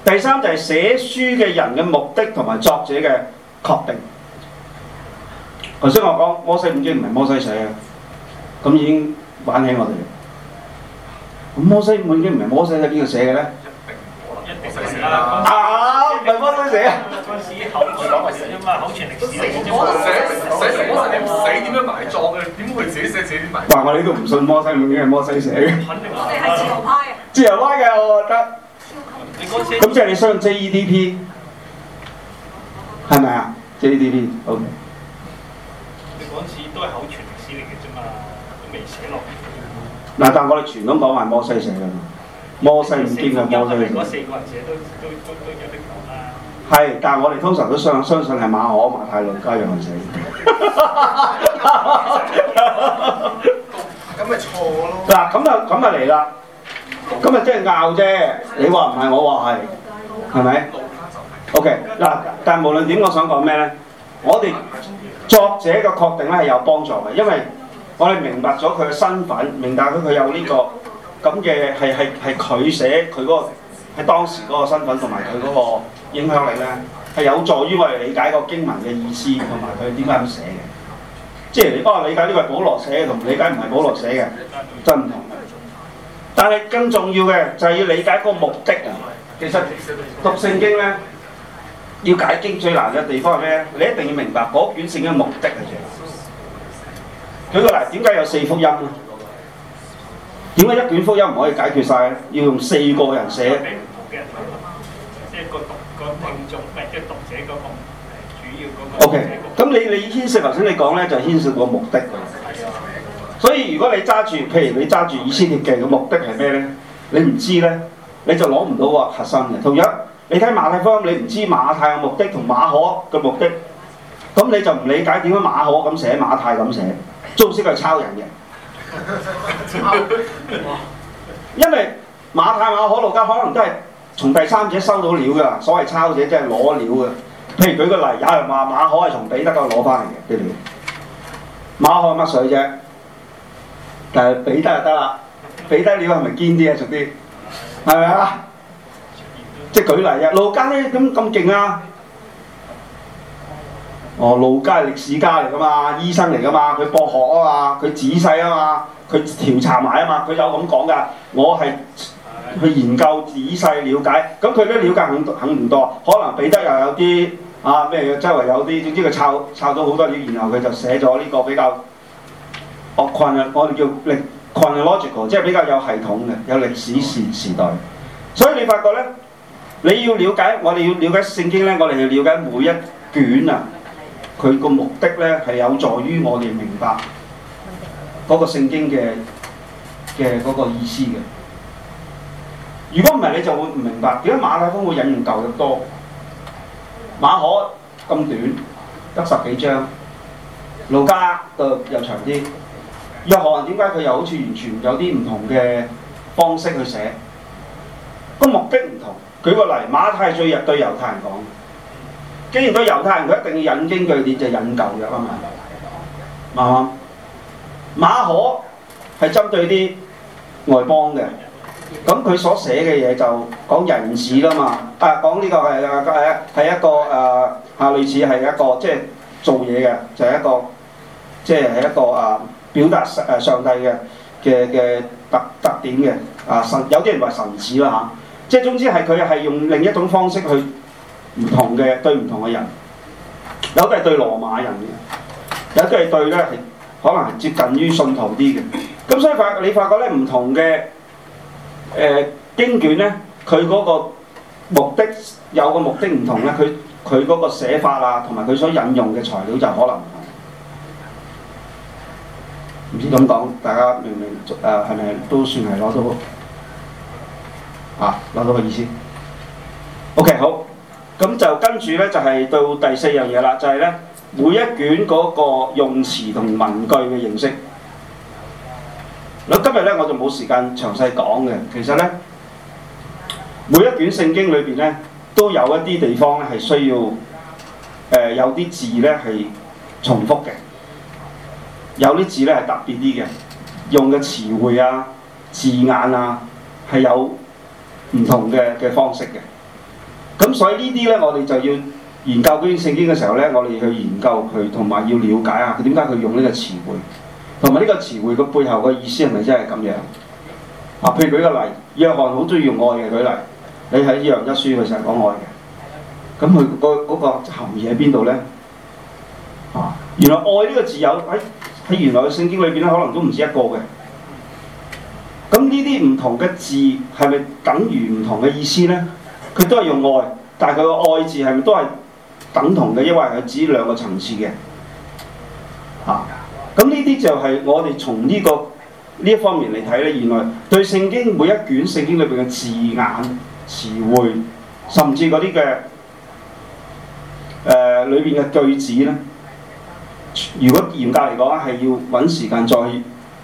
第三就係、是、寫書嘅人嘅目的同埋作者嘅確定。頭先我講摩西五經唔係摩西寫嘅，咁已經玩起我哋。咁摩西五經唔係摩西喺邊度寫嘅咧？一定，一定寫。啊，唔係摩西寫。史口傳講嘛，口傳歷史嚟嘅啫嘛。寫你唔死點樣埋葬嘅？點會寫寫寫埋？話我哋都唔信摩西唔驚摩西寫嘅。我哋係自由派，自由派嘅我覺得。咁即係你相信 JEDP？係咪啊？JEDP OK。你嗰次都係口傳歷史嚟嘅啫嘛，都未寫落。嗱，但係我哋傳統講話摩西寫嘅，摩西唔驚嘅摩西寫。有係四個人者都都都有拎係，但係我哋通常都相信相信係馬可、馬太、路加、約翰寫。咁咪錯咯？嗱，咁啊，咁啊嚟啦，咁啊，即係拗啫。你話唔係，我話係，係咪？OK，嗱，okay，但係無論點，我想講咩咧？我哋作者嘅確定咧係有幫助嘅，因為我哋明白咗佢嘅身份，明白佢佢有呢、這個咁嘅係係係佢寫佢嗰、那個係當時嗰個身份同埋佢嗰個。影響力咧係有助於我哋理解個經文嘅意思同埋佢點解咁寫嘅，即係你幫我理解呢個係保羅寫，同理解唔係保羅寫嘅真係唔同。但係更重要嘅就係、是、要理解個目的啊！其實讀聖經咧，要解經最難嘅地方係咩？你一定要明白嗰卷聖經嘅目的係咩。舉個例，點解有四福音呢？點解一卷福音唔可以解決曬？要用四個人寫？個聽眾即係讀者個主要個。O K. 咁你你牽涉頭先你講咧就牽、係、涉個目的噶啦。 所以如果你揸住，譬如你揸住《以易經》嘅目的係咩咧？你唔知咧，你就攞唔到個核心嘅。同樣，你睇馬太方，你唔知馬太嘅目的同馬可嘅目的，咁你就唔理解點解馬可咁寫，馬太咁寫。中佢係抄人嘅。 因為馬太馬可路加可能都係。從第三者收到料噶，所謂抄者即係攞料噶。譬如舉個例，有人話馬可係從彼得嗰度攞翻嚟嘅啲料，馬可係乜水啫？但係彼得就得啦，彼得料係咪堅啲啊？仲啲係咪啊？ 即係舉例啊！路加呢，咁咁勁啊？哦，路加係歷史家嚟噶嘛，醫生嚟噶嘛，佢博學啊嘛，佢仔細啊嘛，佢調查埋啊嘛，佢就咁講㗎。我係。去研究仔細了解，咁佢咧了解肯肯唔多，可能彼得又有啲啊咩周圍有啲，總之佢抄抄到好多料，然後佢就寫咗呢個比較哦，困、哦、啊，我、哦、哋叫歷困 logical，即係比較有系統嘅，有歷史時時代。哦、所以你發覺咧，你要了解我哋要了解聖經咧，我哋要了解每一卷啊，佢個目的咧係有助於我哋明白嗰、那個聖經嘅嘅嗰個意思嘅。如果唔係，你就會唔明白點解馬太福音會引用舊約多，馬可咁短得十幾章，路加嘅又長啲，約翰點解佢又好似完全有啲唔同嘅方式去寫？個目的唔同。舉個例，馬太最日對猶太人講，既然對猶太人，佢一定要引經據典，就引舊約，啊嘛，啱唔啱？馬可係針對啲外邦嘅。咁佢所寫嘅嘢就講人子啦嘛，啊講呢個係係係一個誒啊，類似係一個即係做嘢嘅，就係、是就是、一個即係係一個啊表達上上帝嘅嘅嘅特特點嘅啊神，有啲人話神子啦嚇、啊，即係總之係佢係用另一種方式去唔同嘅，對唔同嘅人，有啲係對羅馬人嘅，有啲係對咧可能係接近於信徒啲嘅，咁所以發你發覺咧唔同嘅。誒經、呃、卷呢，佢嗰個目的有個目的唔同呢。佢佢嗰個寫法啊，同埋佢所引用嘅材料就可能唔同。唔知咁講，大家明唔明？誒係咪都算係攞到啊？攞到個意思。OK，好，咁就跟住呢，就係、是、到第四樣嘢啦，就係、是、呢：每一卷嗰個用詞同文句嘅認識。嗱，今日咧我就冇時間詳細講嘅。其實咧，每一卷聖經裏邊咧，都有一啲地方咧係需要誒、呃、有啲字咧係重複嘅，有啲字咧係特別啲嘅，用嘅詞彙啊、字眼啊係有唔同嘅嘅方式嘅。咁所以呢啲咧，我哋就要研究嗰卷聖經嘅時候咧，我哋去研究佢，同埋要了解下佢點解佢用呢個詞彙。同埋呢個詞彙嘅背後嘅意思係咪真係咁樣啊？譬如舉個例，約翰好中意用愛嘅舉例，你喺約翰一書佢成日講愛嘅，咁佢個嗰個含義喺邊度咧？嗰個、呢啊，原來愛呢個字有喺喺原來嘅聖經裏邊咧，可能都唔止一個嘅。咁呢啲唔同嘅字係咪等於唔同嘅意思咧？佢都係用愛，但係佢個愛字係咪都係等同嘅？因為佢指兩個層次嘅啊。咁呢啲就係我哋從呢個呢一方面嚟睇呢，原來對聖經每一卷聖經裏面嘅字眼、詞彙，甚至嗰啲嘅誒裏面嘅句子咧，如果嚴格嚟講係要揾時間再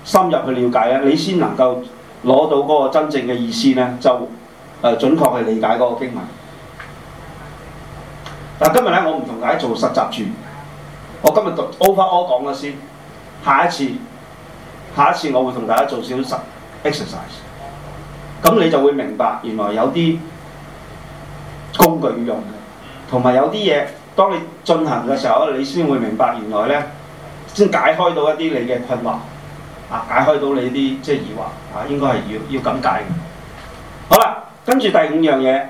深入去了解，你先能夠攞到嗰個真正嘅意思呢，就誒準確去理解嗰個經文。但今日呢，我唔同大家做實習住，我今日讀 Overall 講咗先。下一次，下一次，我會同大家做少少 exercise，咁你就會明白原來有啲工具要用嘅，同埋有啲嘢，當你進行嘅時候，你先會明白原來咧，先解開到一啲你嘅困惑，啊，解開到你啲即係疑惑，啊、就是，應該係要要咁解嘅。好啦，跟住第五樣嘢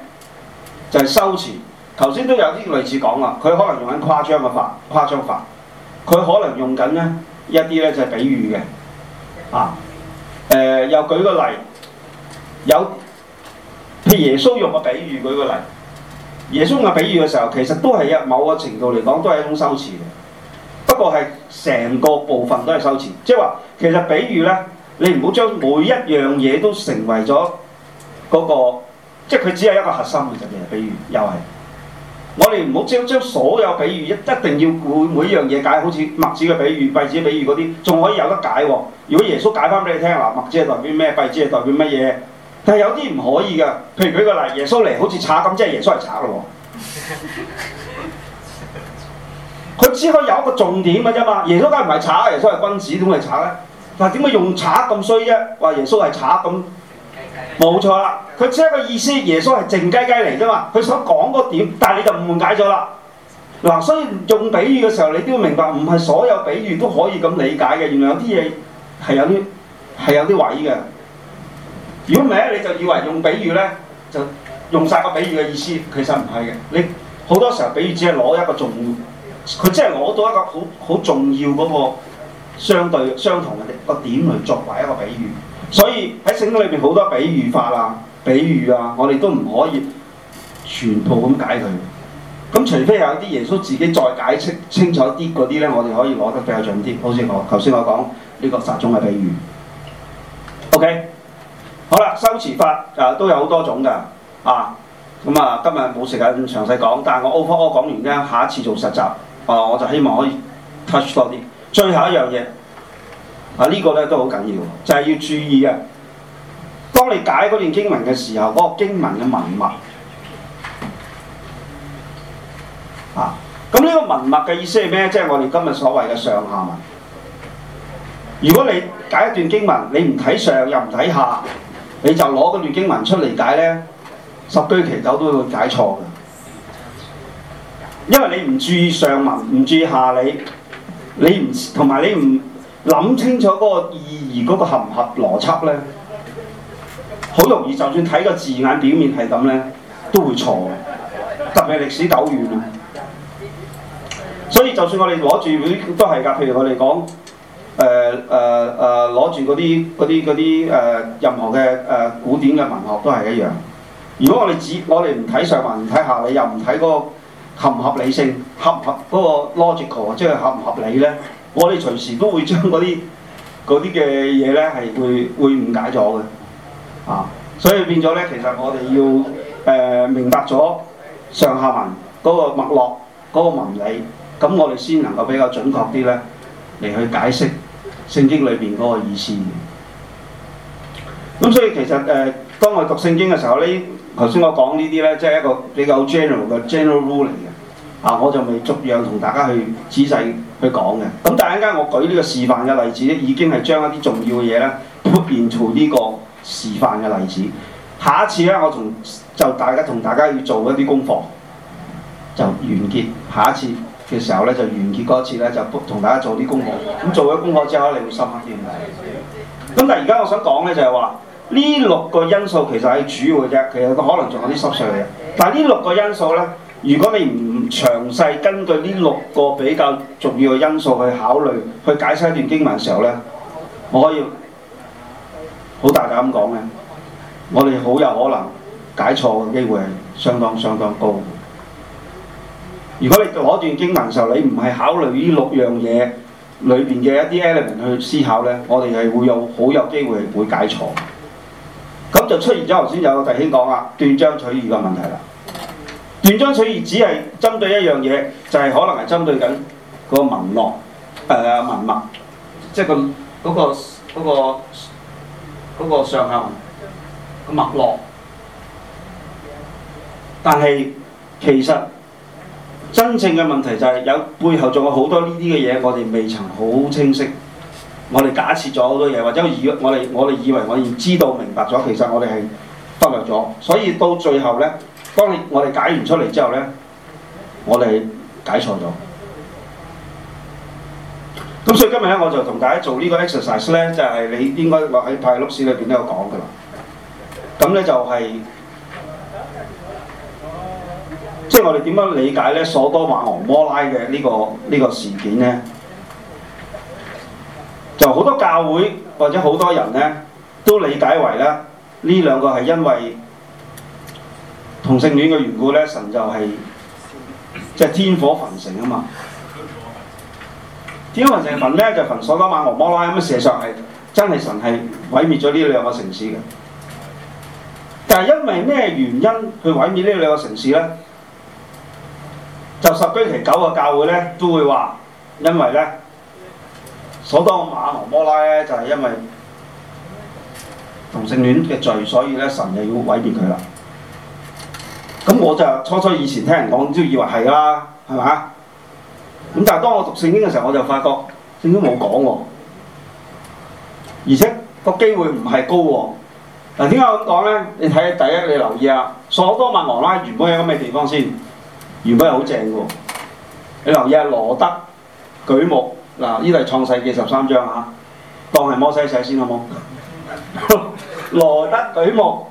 就係修辭，頭先都有啲類似講啦，佢可能用緊誇張嘅法，誇張法，佢可能用緊咧。一啲咧就係比喻嘅，啊，誒、呃、又舉個例，有譬如耶穌用個比喻舉個例，耶穌用個比喻嘅時候，其實都係一某個程度嚟講，都係一種修辭嘅，不過係成個部分都係修辭，即係話其實比喻咧，你唔好將每一樣嘢都成為咗嗰個，即係佢只係一個核心嘅啫。其實比喻、那個就是、比喻又係。我哋唔好將將所有比喻一一定要每每樣嘢解，好似墨子嘅比喻、幣子嘅比喻嗰啲，仲可以有得解喎、哦。如果耶穌解翻俾你聽嗱，墨子係代表咩？幣子係代表乜嘢？但係有啲唔可以嘅，譬如舉個例，耶穌嚟好似賊咁，即係耶穌係賊咯、哦。佢 只可以有一個重點嘅啫嘛。耶穌梗係唔係賊，耶穌係君子點會係賊咧？但係，點會用賊咁衰啫？話耶穌係賊咁。冇錯啦，佢只係個意思，耶穌係靜雞雞嚟啫嘛。佢想講個點，但係你就誤解咗啦。嗱、啊，所以用比喻嘅時候，你都要明白，唔係所有比喻都可以咁理解嘅。原來有啲嘢係有啲係有啲位嘅。如果唔係咧，你就以為用比喻咧，就用晒個比喻嘅意思，其實唔係嘅。你好多時候比喻只係攞一個重，佢只係攞到一個好好重要嗰、那個相對相同嘅個點嚟作為一個比喻。所以喺聖經裏邊好多比喻法啊、比喻啊，我哋都唔可以全部咁解佢。咁除非有啲耶穌自己再解釋清楚啲嗰啲咧，我哋可以攞得比較準啲。好似我頭先我講呢個撒種嘅比喻。OK，好啦，修辭法啊都有好多種㗎啊。咁啊，今日冇時間咁詳細講，但係我 over 講完咧，下一次做實習，我我就希望可以 touch 多啲。最後一樣嘢。啊！呢個咧都好緊要，就係要注意啊。當你解嗰段經文嘅時候，嗰個經文嘅文脈啊，咁呢個文脈嘅意思係咩？即係我哋今日所謂嘅上下文。如果你解一段經文，你唔睇上又唔睇下，你就攞段經文出嚟解咧，十居其九都會解錯嘅。因為你唔注意上文，唔注意下你，你唔同埋你唔。諗清楚嗰個意義嗰個合唔合邏輯呢？好容易就算睇個字眼表面係咁呢，都會錯嘅。特別歷史久遠，所以就算我哋攞住都係㗎。譬如我哋講誒誒誒攞住嗰啲啲啲誒任何嘅誒、呃、古典嘅文學都係一樣。如果我哋只我哋唔睇上文，唔睇下你，又唔睇嗰個合唔合理性，合唔合嗰個 logical 即係合唔合理呢。我哋隨時都會將嗰啲嗰啲嘅嘢咧，係會會誤解咗嘅啊！所以變咗咧，其實我哋要誒、呃、明白咗上下文嗰個脈絡、嗰、嗰個文理，咁我哋先能夠比較準確啲咧嚟去解釋聖經裏邊嗰個意思。咁所以其實誒、呃，當我讀聖經嘅時候咧，頭先我講呢啲咧，即、就、係、係、一個比較 general 嘅 general rule 嚟嘅啊，我就未逐樣同大家去仔細。佢講嘅，咁但陣間我舉呢個示範嘅例子咧，已經係將一啲重要嘅嘢咧，變做呢個示範嘅例子。下一次咧，我同就大家同大家要做一啲功課，就完結。下一次嘅時候咧，就完結嗰一次咧，就同大家做啲功課。咁做咗功課之後咧，你會深刻啲。咁但係而家我想講咧，就係話呢六個因素其實係主要嘅啫，其實都可能仲有啲濕碎嘅。但係呢六個因素咧，如果你唔詳細根據呢六個比較重要嘅因素去考慮、去解釋一段經文嘅時候呢，我可以好大膽咁講呢，我哋好有可能解錯嘅機會係相當相當高。如果你攞段經文嘅時候，你唔係考慮呢六樣嘢裏邊嘅一啲 element 去思考呢，我哋係會有好有機會係會解錯。咁就出現咗頭先有弟兄講啊，斷章取義嘅問題啦。斷章取義只係針對一樣嘢，就係可能係針對緊個文樂誒，呃，文脈，即係個嗰個嗰個嗰個上下個脈絡。但係其實真正嘅問題就係有背後仲有好多呢啲嘅嘢，我哋未曾好清晰。我哋假設咗好多嘢，或者以我我我哋以為我哋知道明白咗，其實我哋係忽略咗，所以到最後咧。當我哋解完出嚟之後呢，我哋解錯咗。咁所以今日呢，我就同大家做呢個 exercise 呢，就係、是、你應該話喺派錄斯》裏邊都有講噶啦。咁呢，就係，即係我哋點樣理解呢？索多瑪和摩拉嘅呢、這個呢、這個事件呢，就好多教會或者好多人呢，都理解為呢，呢兩個係因為。同性戀嘅緣故咧，神就係即係天火焚城啊嘛！天火焚城焚咧，就係、焚所多瑪和摩拉，咁嘅事實上係真係神係毀滅咗呢兩個城市嘅。但係因為咩原因去毀滅呢兩個城市咧？就十居其九嘅教會咧都會話，因為咧所多瑪和摩拉咧就係、係、因為同性戀嘅罪，所以咧神就要毀滅佢啦。咁我就初初以前聽人講，都以為係㗎啦，係嘛？咁但係當我讀聖經嘅時候，我就發覺聖經冇講喎，而且個機會唔係高喎。嗱，點解我咁講呢？你睇下第一，你留意啊，所多瑪蛾摩拉原本喺個咩地方先？原本係好正喎。你留意下羅德， 羅德舉目嗱，呢度係創世記十三章啊，當係摩西寫先好冇？羅德舉目。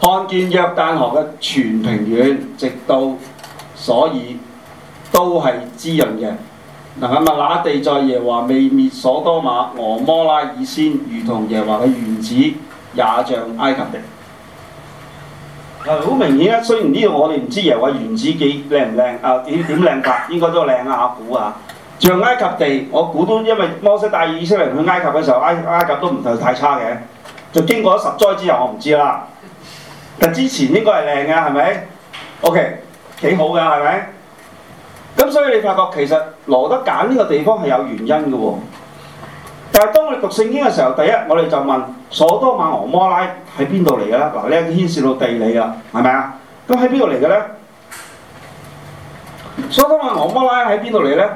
看見約但河嘅全平原，直到瑣珥都係滋潤嘅。嗱咁啊，那地在耶和華未滅所多瑪俄摩拉以先，如同耶和華嘅園子，也像埃及地。啊，好明顯啊！雖然呢度我哋唔知耶和華園子幾靚唔靚啊？點點靚法應該都靚啊！我估啊，像埃及地，我估都因為摩西帶以色列去埃及嘅時候，埃及埃及都唔係太差嘅。就經過咗十災之後，我唔知啦。但之前應該係靚㗎，係咪？OK，幾好㗎，係咪？咁所以你發覺其實羅得揀呢個地方係有原因嘅喎、哦。但係當我哋讀聖經嘅時候，第一我哋就問所多瑪、俄摩拉喺邊度嚟嘅啦。嗱，呢啲牽涉到地理啊，係咪啊？咁喺邊度嚟嘅咧？所多瑪、俄摩拉喺邊度嚟咧？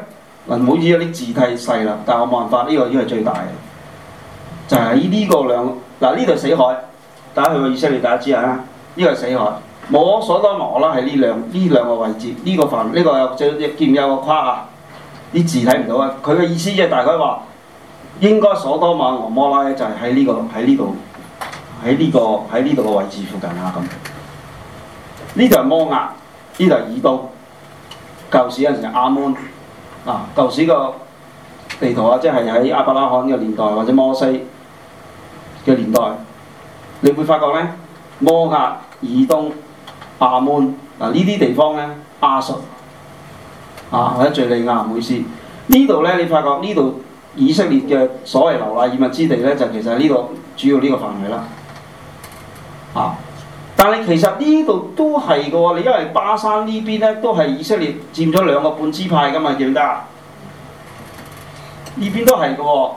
嗱，唔好意思，有啲字太細啦，但我冇辦法，呢、這個已經係最大嘅。就係、是、呢個兩嗱呢度死海，大家去過以色列大家知下。呢個係死海，摩、所多瑪蛾摩拉啦，係呢兩呢兩個位置，呢、這個範呢、這個又見唔見有個框啊？啲字睇唔到啊，佢嘅意思即係大概話，應該摩、所多瑪蛾摩拉就係喺呢個喺呢度喺呢個喺呢度嘅位置附近啊咁。呢度係摩押，呢度係以東。舊時嗰陣時係亞捫啊，舊時個地圖啊，即係喺亞伯拉罕呢個年代或者摩西嘅年代，你會發覺呢。摩押、以東、亞門嗱呢啲地方呢，亞述啊或者敍利亞，唔好意思。呢度呢，你發覺呢度以色列嘅所謂流離異民之地呢，就其實係呢度主要呢個範圍啦。啊，但係其實呢度都係嘅喎，因為巴山呢邊呢，都係以色列佔咗兩個半支派嘅嘛，記唔記得？呢邊都係嘅喎，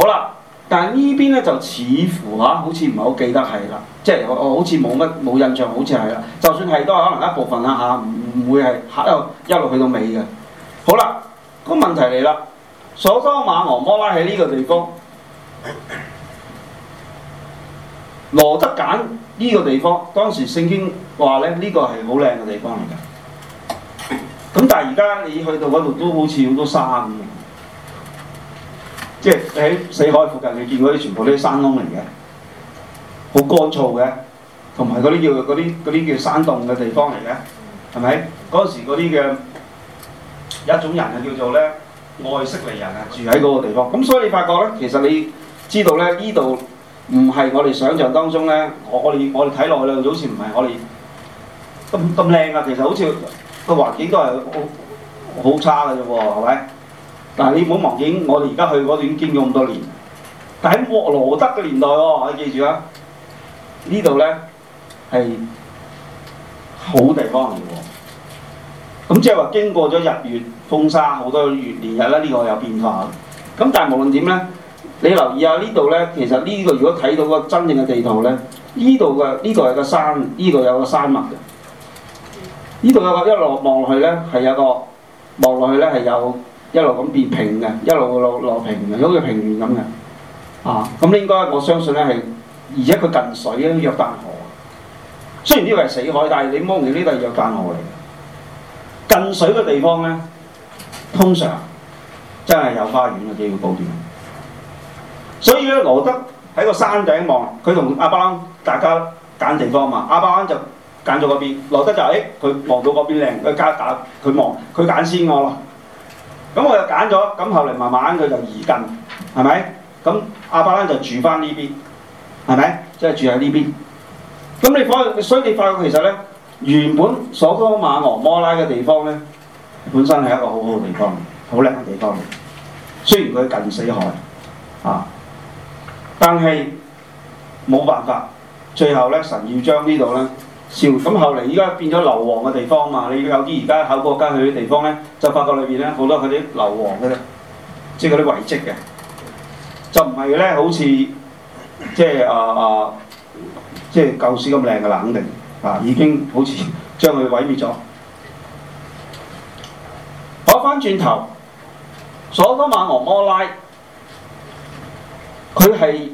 好啦。但係呢邊咧就似乎嚇、啊，好似唔係好記得係啦，即係我好似冇乜冇印象，好似係啦。就算係都係可能一部分啦嚇，唔、啊、唔會係、啊、一路去到尾嘅。好啦，個問題嚟啦，所多瑪和蛾摩拉喺呢個地方，羅得揀呢個地方，當時聖經話咧呢、這個係好靚嘅地方嚟嘅。咁但係而家你去到嗰度都好似好多山。即係喺死海附近，你見到啲全部都係山窿嚟嘅，好乾燥嘅，同埋嗰啲叫嗰啲嗰啲叫山洞嘅地方嚟嘅，係咪？嗰陣、嗯、時嗰啲嘅有一種人啊，叫做呢愛色尼人啊，住喺嗰個地方。咁所以你發覺呢，其實你知道呢，呢度唔係我哋想象當中呢。我我哋我哋睇落去呢，好似唔係我哋咁咁靚啊。其實好似個環境都係好好差嘅啫喎，係咪？但係你唔好忘記，我哋而家去嗰度已經經過咁多年，但喺羅德嘅年代喎，你記住啊！呢度咧係好地方嚟喎。咁即係話經過咗日月風沙好多月年日啦，呢、這個有變化。咁但係無論點咧，你留意下呢度咧，其實呢個如果睇到個真正嘅地圖咧，呢度嘅呢度係個山，呢度有個山脈嘅。呢度有個一路望落去咧，係有個望落去咧係有。一路咁變平嘅，一路落平嘅，好似平原咁嘅。啊，咁咧應該我相信呢係，而且佢近水啊，約旦河。雖然呢度係死海，但係你望完呢度係約旦河嚟嘅。近水嘅地方呢，通常真係有花園嘅機會高啲。所以呢，羅德喺個山頂望，佢同亞伯蘭大家揀地方嘛。亞伯蘭就揀咗嗰邊，羅德就誒佢、欸、望到嗰邊靚，佢加打佢望佢揀先我、啊、咯。咁我就揀咗，咁後嚟慢慢佢就移近，係咪？咁阿伯拉就住翻呢邊，係咪？即係住喺呢邊。咁你可，所以你發覺其實呢，原本所多馬俄摩拉嘅地方呢，本身係一個好好嘅地方，好靚嘅地方嚟。雖然佢近死海，啊，但係冇辦法，最後呢，神要將呢度呢。咁後嚟而家變咗硫磺嘅地方嘛，你有啲而家考古家去啲地方咧，就發覺裏邊咧好多佢啲硫磺嘅，即係嗰啲遺跡嘅，就唔係咧好似即係啊啊，即係舊時咁靚嘅啦，肯定啊已經好似將佢毀滅咗。講翻轉頭，所多瑪蛾摩拉，佢係。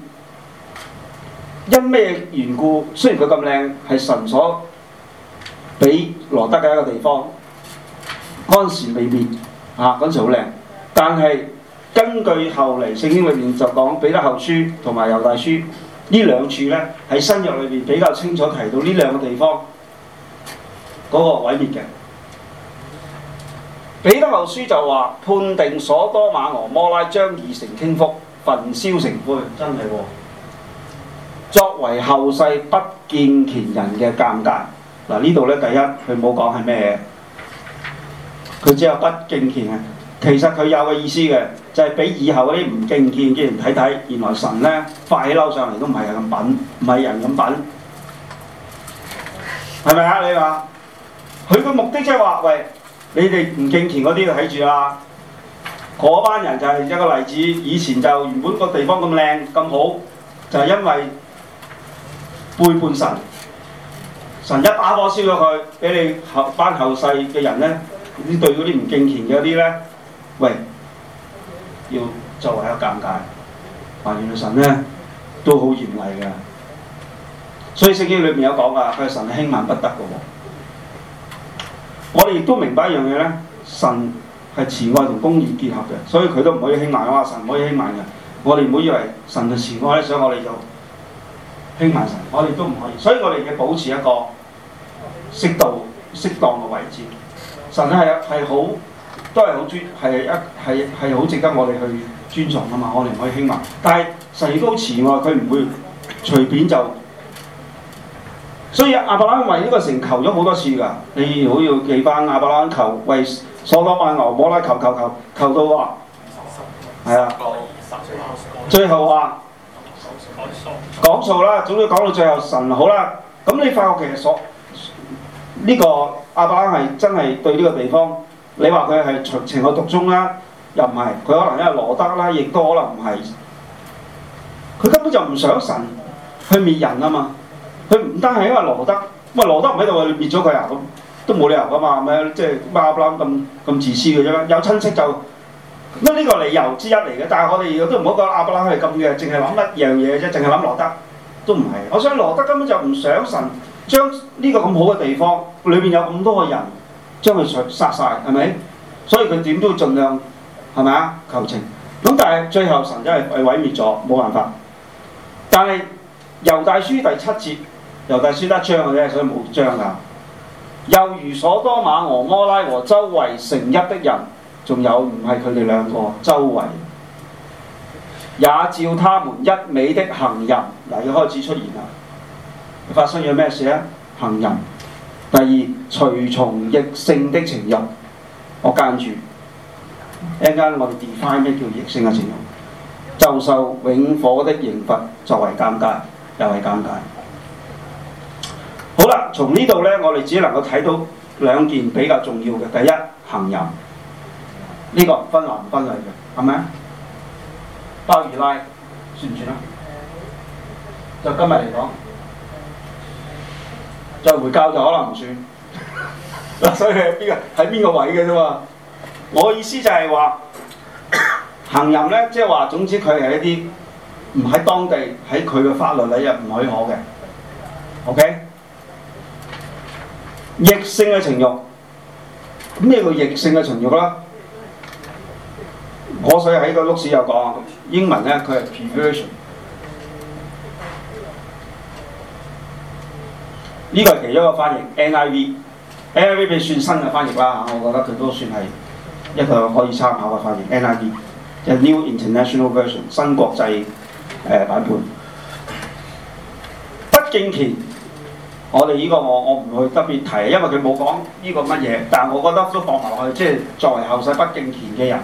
因咩緣故？雖然佢咁靚，係神所俾羅得嘅一個地方，安時未滅啊！嗰陣時好靚，但係根據後嚟聖經裏面就講彼得後書同埋猶大書這兩呢兩處咧，喺新約裏面比較清楚提到呢兩個地方嗰、那個毀滅嘅，彼得後書就話判定所多瑪蛾摩拉將二城傾覆，焚燒成灰，真係喎、哦。作為後世不敬虔人嘅尷尬，嗱呢度呢，第一佢冇講係咩嘢，佢只有不敬虔嘅。其實佢有個意思嘅，就係、是、俾以後嗰啲唔敬虔嘅人睇睇，原來神呢，發起嬲上嚟都唔係人咁品，唔係人咁品，係咪啊？你話佢個目的即係話，喂，你哋唔敬虔嗰啲就睇住啦，嗰班人就係一個例子。以前就原本個地方咁靚咁好，就係、因為。背叛神，神一把火燒咗佢，俾你後班後世嘅人咧，啲對嗰啲唔敬虔嘅啲咧，喂，要就係一個尷尬。但原來神咧都好嚴厲嘅，所以聖經裏面有講啊，佢係神輕慢不得嘅喎。我哋亦都明白一樣嘢咧，神係慈愛同公義結合嘅，所以佢都唔可以輕慢吖嘛。神唔可以輕慢嘅，我哋唔好以為神係慈愛咧，所以我哋就～我哋都唔可以，所以我哋要保持一個適度、適當嘅位置。神咧係係好，都係好尊，係一係係好值得我哋去尊重噶嘛。我哋唔可以輕慢，但係神亦都慈愛，佢唔會隨便就。所以亞、啊、伯蘭為呢個城求咗好多次㗎。你可要記翻亞伯蘭求為所多瑪蛾摩拉求求求求到話、啊，係啊，最後話、啊。講數啦，總之講到最後神好啦，咁你發覺其實所呢、這個阿伯拉罕係真係對呢個地方，你話佢係情情有獨鍾啦，又唔係，佢可能因為羅德啦，亦都可能唔係，佢根本就唔想神去滅人啊嘛，佢唔單係因為羅德，唔係羅德唔喺度啊，你滅咗佢啊，都冇理由噶嘛，咪、就是，即係亞伯拉罕咁咁自私嘅啫，有親戚就。咁呢個理由之一嚟嘅，但係我哋亦都唔好講阿伯拉克係咁嘅，淨係諗一樣嘢啫，淨係諗羅得，都唔係。我想羅得根本就唔想神將呢個咁好嘅地方裏面有咁多個人，將佢殺晒，曬，係咪？所以佢點都要盡量係咪啊求情？咁但係最後神真係毀滅咗，冇辦法。但係猶大書第七節，猶大書得章嘅啫，所以冇章㗎。又如所多瑪蛾摩拉和周圍城邑的人。仲有唔係佢哋兩個，周圍也照他們一味的行淫，嗱，要開始出現啦。發生咗咩事啊？行淫，第二隨從逆性的情慾，我間住。一陣間我哋 define 咩叫逆性嘅情慾，就受永火的刑罰作為鑑戒，又係鑑戒。好啦，從呢度咧，我哋只能夠睇到兩件比較重要嘅。第一，行淫。呢個不分還唔分類嘅，係咪包二奶算唔算啊？就今日嚟講，再回教就可能唔算。 所以係邊個喺邊個位嘅啫嘛？我意思就係話，行淫呢，即係話總之佢係一啲唔喺當地喺佢嘅法律裡邊唔許可嘅。OK，逆性嘅情慾，咩叫逆性嘅情慾呢？我所以喺個錄史有講英文呢，佢係 preversion。呢個係其中一個翻譯，NIV。NIV 算新嘅翻譯啦，我覺得佢都算係一個可以參考嘅翻譯。NIV 就 New International Version，新國際版本。畢敬虔，我哋依個我我唔去特別提，因為佢冇講依個乜嘢。但係我覺得都放埋去，即係作為後世畢敬虔嘅人。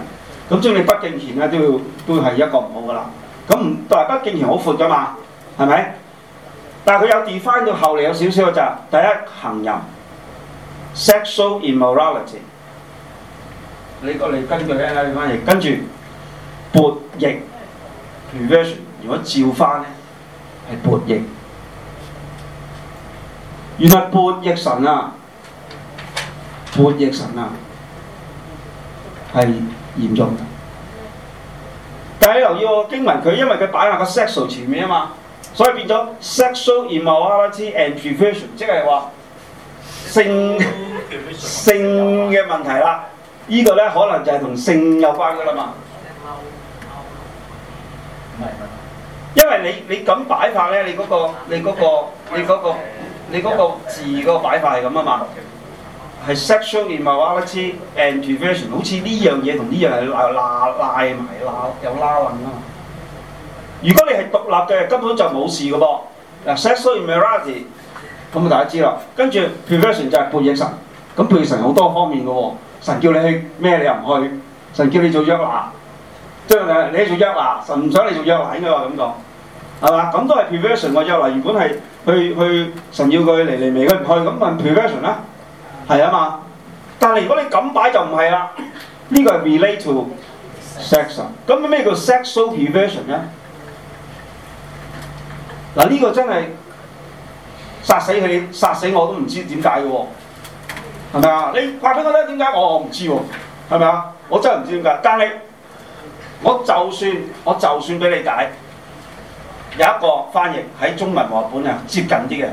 咁將你不敬虔咧，都要都係一個唔好噶啦。咁唔，但係不敬虔好闊噶嘛，係咪？但係佢有 define 到後嚟有少少嘅就係、是、第一行淫 sexual immorality。你個嚟跟住咧，睇翻嚟跟住撥逆，reversion。Re version，如果照翻咧，係撥逆。原來撥逆神啊，撥逆神啊，係。嚴重，但係你留意喎，經文佢因為佢擺下個 sexual 前面啊嘛，所以變咗 sexual immorality and perversion，即係話性性嘅問題啦。這個、呢個咧可能就係同性有關噶啦嘛。因為你你咁擺法咧，你嗰、那個你嗰、那個你嗰、那個你嗰、那個、字嗰個擺法係咁啊嘛。係 sexual immorality and perversion，好似呢樣嘢同呢樣係拉拉拉埋拉有拉混嘛。如果你係獨立嘅，根本就冇事嘅噃。嗱，sexual immorality，咁啊大家知啦。跟住 perversion 就係叛逆神。咁叛逆神好多方面嘅喎。神叫你去咩你又唔去？神叫你做約拿，即係你你做約拿，神唔想你做約拿嘅喎。咁講係嘛？咁都係 perversion。我約拿原本係去去神要佢尼尼微，佢唔去，咁問 perversion 啦。係啊嘛，但係如果你咁擺就唔係啦，呢、呢個係 related to sex。咁咩叫 sexual perversion 呢？嗱、這、呢個真係殺死你、殺死我都唔知點解嘅喎，係咪啊？你話俾我聽點解？我我唔知喎，係咪啊？我真係唔知點解。但係我就算我就算俾你解，有一個翻譯喺中文話本啊，接近啲嘅。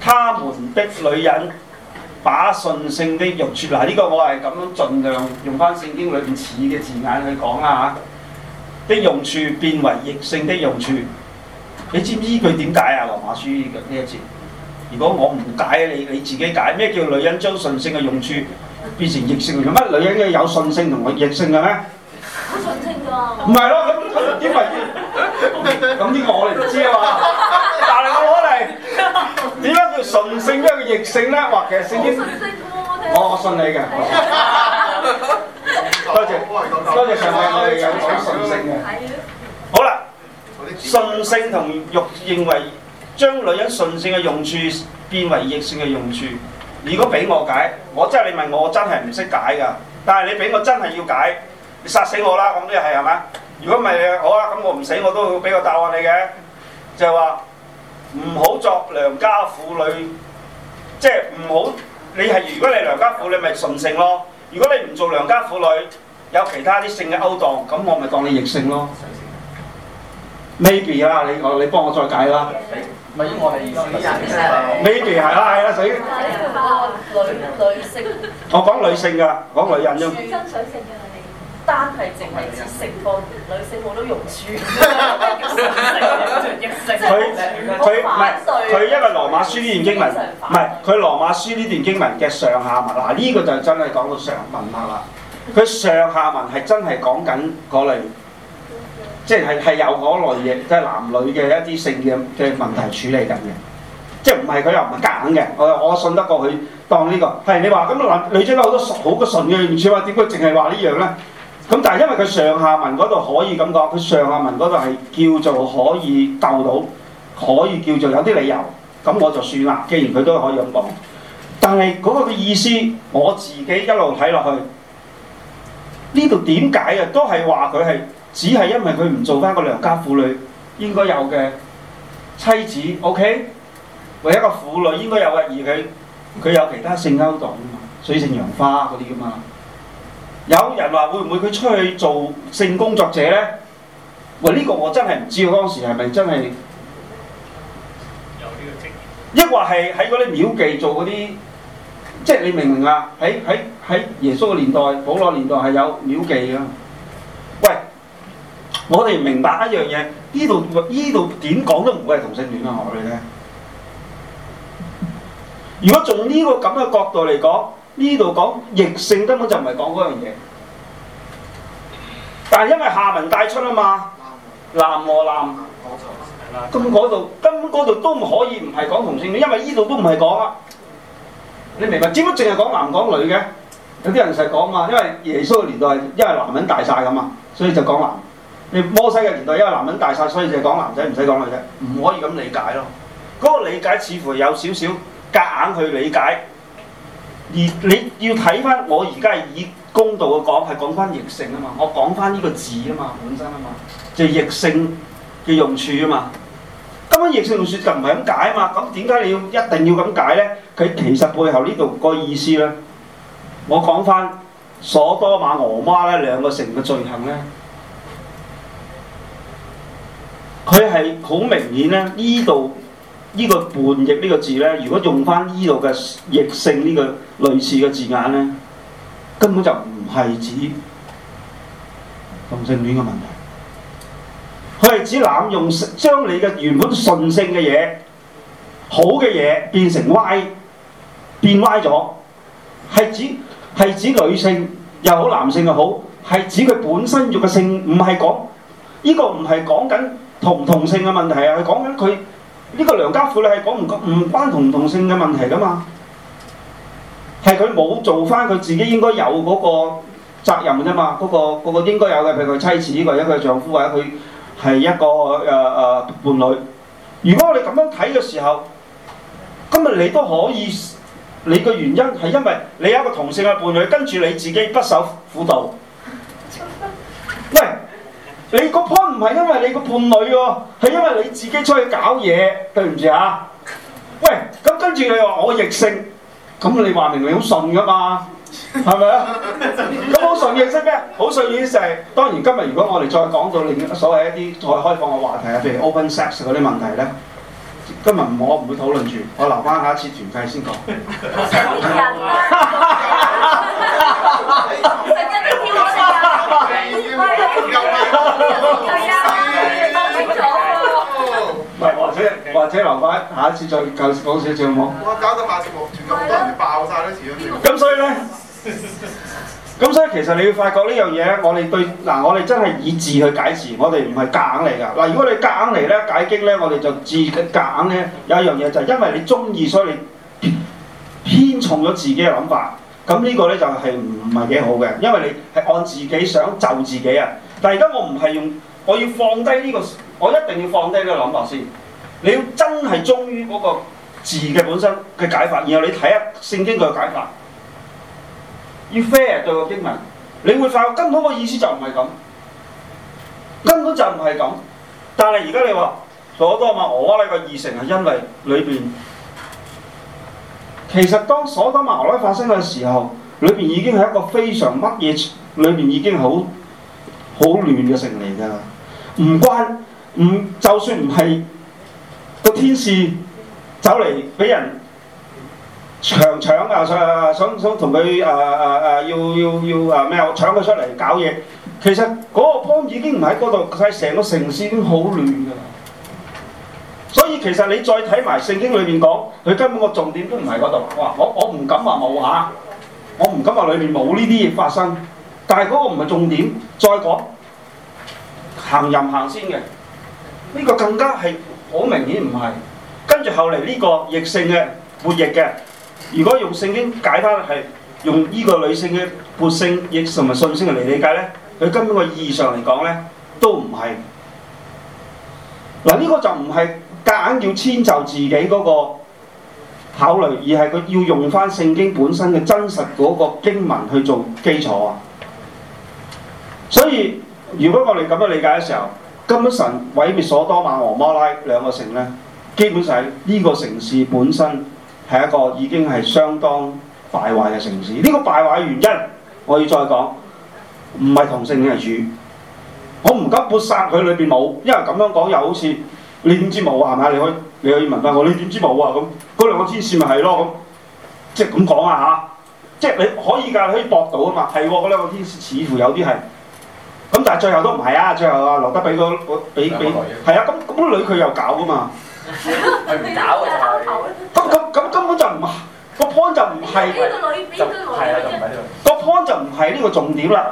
他們的女人把順性的用處，嗱、這、呢個我係咁樣盡量用翻聖經裏邊似嘅字眼去講啊。嚇。的用處變為逆性的用處，你知唔知呢句點解啊？羅馬書呢一節，如果我唔解你，你自己解咩叫女人將順性嘅用處變成逆性嘅？乜女人要有順性同我逆性嘅咩？好順性㗎。唔係咯，咁因為咁呢個我哋唔知啊嘛。 順性咧，逆性咧，哇，其實性，我信你嘅， 多謝，多謝常偉我哋嘅解順性嘅，好啦，順性同欲認為將女人順性嘅用處變為逆性嘅用處。如果俾我解，我即係你問我，我真係唔識解噶。但係你俾我真係要解，你殺死我啦，咁都係係嘛？如果唔係，好啊，咁我唔死我，我都會俾個答案你嘅，就係話。唔好作良家婦女，即係唔好你係。如果你係良家婦女咪順性咯。如果你唔做良家婦女，有其他啲性嘅勾當，咁我咪當你逆性咯。Maybe 啊，你我你幫我再解啦。咪依我係女性。Maybe 係啦，係啦，屬於。我講女性㗎，講女人啫。真想性㗎。單係淨係指成個女性好多用處，佢佢唔係佢，因為羅馬書呢段經文唔係佢羅馬書呢段經文嘅上下文嗱，呢、這個就真係講到上文下文啦。佢上下文係真係講緊嗰類，即係係係有嗰類嘢，就是，即係男女嘅一啲性嘅嘅問題處理緊嘅，即係唔係佢又唔係揀嘅。我我信得過佢當、這個、呢個係你話咁，女女仔都好多好嘅純嘅，用處，唔似話點解淨係話呢樣咧？咁但係因為佢上下文嗰度可以咁講，佢上下文嗰度係叫做可以鬥到，可以叫做有啲理由，咁我就算啦。既然佢都可以咁講，但係嗰個嘅意思，我自己一路睇落去，呢度點解啊？都係話佢係只係因為佢唔做翻個良家婦女應該有嘅妻子，OK？為一個婦女應該有嘅而佢，佢有其他性勾當啊嘛，水性楊花嗰啲噶嘛。有人話會唔會佢出去做性工作者呢？喂，呢、這個我真係唔知喎，當時係咪真係有呢個職業？抑或係喺嗰啲廟記做嗰啲，即、就、係、是、你明唔明啊？喺喺喺耶穌嘅年代、保羅年代係有廟記啊！喂，我哋明白一樣嘢，呢度呢度點講都唔會係同性戀啊！我哋咧，如果從呢、這個咁嘅角度嚟講，呢度講逆性根本就唔係講嗰樣嘢，但係因為下文帶出啊嘛，男和男，根本嗰度根本都唔可以唔係講同性戀，因為呢度都唔係講。你明白？只不過淨係講男唔講女嘅，有啲人就係講嘛。因為耶穌嘅年代係因為男人大曬咁啊，所以就講男。你摩西嘅年代因為男人大曬，所以就講男仔唔使講女啫，唔可以咁理解咯。嗰個理解似乎有少少夾硬去理解。而你要睇翻，我而家以公道嘅講，係講翻逆性啊嘛，我講翻呢個字啊嘛，本身啊嘛，就係逆性嘅用處啊嘛。咁樣逆性用處就唔係咁解啊嘛，咁點解你要一定要咁解咧？佢其實背後呢度個意思咧，我講翻所多瑪俄媽咧兩個城嘅罪行咧，佢係好明顯咧呢度。呢個叛逆呢個字咧，如果用翻呢度嘅逆性呢個類似嘅字眼咧，根本就唔係指同性戀嘅問題。佢係指濫用將你嘅原本純性嘅嘢，好嘅嘢變成歪，變歪咗，係指係指女性又好，好，男性又好，係指佢本身肉嘅性，唔係講呢個唔係講緊同唔同性嘅問題啊，係講緊佢。呢個良家婦女係講唔關唔關同同性嘅問題㗎嘛，係佢冇做翻佢自己應該有嗰個責任啫嘛，嗰、嗰個嗰個應該有嘅，譬如佢妻子，或者佢丈夫，或者佢係一個、呃呃、伴侶。如果我哋咁樣睇嘅時候，今日你都可以，你嘅原因係因為你有一個同性嘅伴侶，跟住你自己不守婦道。你個 point 唔係因為你個伴侶喎，哦，係因為你自己出去搞嘢，對唔住啊！喂，咁跟住你話我逆性，咁你話明你好順㗎嘛？係咪啊？咁好順認識咩？好順認識。當然今日如果我哋再講到另所謂一啲再開放嘅話題啊，譬如 open sex 嗰啲問題咧，今日我唔會討論住，我留翻下一次團費先講。 唔係黃或者留返，下一次再講少少好冇？我搞到八十個全部都多爆曬啲咁。了都都所以咧，咁 所以其實你要發覺呢樣嘢咧，我哋對嗱，我哋真係以字去解字，我哋唔係夾硬嚟㗎。嗱，如果你夾硬嚟咧解經咧，我哋就字夾硬咧有一樣嘢就係因為你中意，所以你偏重咗自己嘅諗法。咁呢個咧就係唔係幾好嘅，因為你係按自己想就自己啊。但而家我唔係用，我要放低呢個，我一定要放低呢個諗法先。你要真係忠於嗰個字嘅本身嘅解法，然後你睇下聖經佢嘅解法。要 fair 對個經文，你會發覺根本個意思就唔係咁，根本就唔係咁。但係而家你話所多瑪俄拉呢個二城係因為裏面。其實當所多瑪俄拉發生嘅時候，裏面已經係一個非常乜嘢，裏面已經好。好亂嘅城嚟㗎啦，唔關唔就算唔係個天使走嚟俾人搶搶啊！想想同佢啊啊要要要啊要要要啊咩啊我搶佢出嚟搞嘢，其實嗰個 point 已經唔喺嗰度，佢喺成個城市都好亂㗎啦。所以其實你再睇埋聖經裏面講，佢根本個重點都唔喺嗰度。哇！我我唔敢話冇嚇，我唔敢話裏面冇呢啲嘢發生。但係嗰個唔係重點，再講行淫行先嘅，呢、這個更加係好明顯唔係。跟住後嚟呢個逆性嘅活逆嘅，如果用聖經解翻係用呢個女性嘅活性逆同埋信先嚟理解，呢佢根本個意義上嚟講，呢都唔係。嗱、這、呢個就唔係夾硬要遷就自己嗰個考慮，而係佢要用翻聖經本身嘅真實嗰個經文去做基礎。所以如果我哋咁樣理解嘅時候，根本神毀滅所多瑪和蛾摩拉兩個城呢，基本上係呢個城市本身係一個已經係相當敗壞嘅城市。呢、這個敗壞嘅原因，我要再講，唔係同性戀為主，我唔敢抹殺佢裏邊冇，因為咁樣講又好似你點知冇啊？係咪？你可以你可以問翻我，你點知冇啊？咁嗰兩個天使咪係咯咁，即係咁講啊嚇！即係你可以㗎，可以駁到啊嘛。係喎，嗰兩個天使似乎有啲係。咁但係最後都唔係啊！最後有有啊，羅德比嗰嗰，比比係啊，咁咁女佢又搞噶嘛？係唔 搞啊？咁咁咁根本就唔係個 point 就唔係為就係啊，就唔係呢個個 point 就唔係呢個重點啦。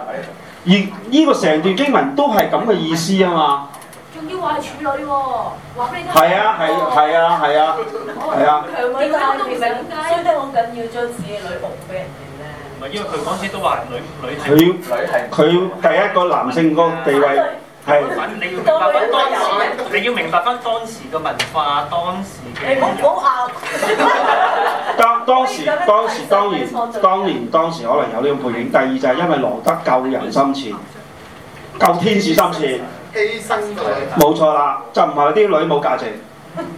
而呢個成段經文都係咁嘅意思啊嘛。仲要話係處女喎，話俾你聽！係啊係啊係啊係啊！我係、啊啊啊啊啊啊、強、就是、都唔想解，所以好緊要將自己女拱俾人因為佢嗰時都話女女女，係佢第一個男性個地位係。反你要明白當時 你要明白翻當時嘅文化，當時。你唔好拗。當時當時當時當年當年當時可能有呢個背景。第二就係因為羅德救人心切，救天使心切。犧牲冇錯啦，就唔係啲女冇價值。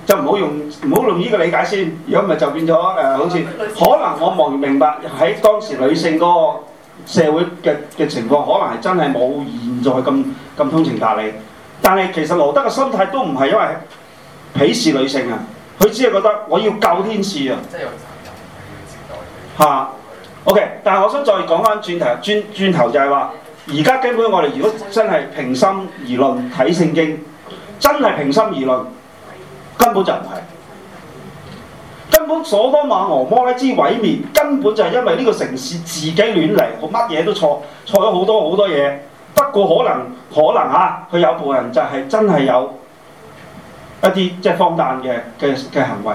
就唔好用唔好用呢個理解先，如果唔係就變咗誒、呃，好似可能我望明白喺當時女性嗰個社會嘅嘅情況，可能係真係冇現在咁咁通情達理。但係其實羅德嘅心態都唔係因為鄙視女性啊，佢只係覺得「我要救天使」，嗯、啊。嚇，OK，但係我想再講翻轉頭，轉轉頭就係話，而家根本我哋如果真係平心而論睇聖經，真係平心而論。根本就唔係，根本所多瑪俄摩拉之毀滅根本就係因為呢個城市自己亂嚟，乜嘢都錯，錯咗好多好多嘢。不過可能可能嚇、啊，佢有部分人就係真係有一啲即係放蕩嘅嘅嘅行為，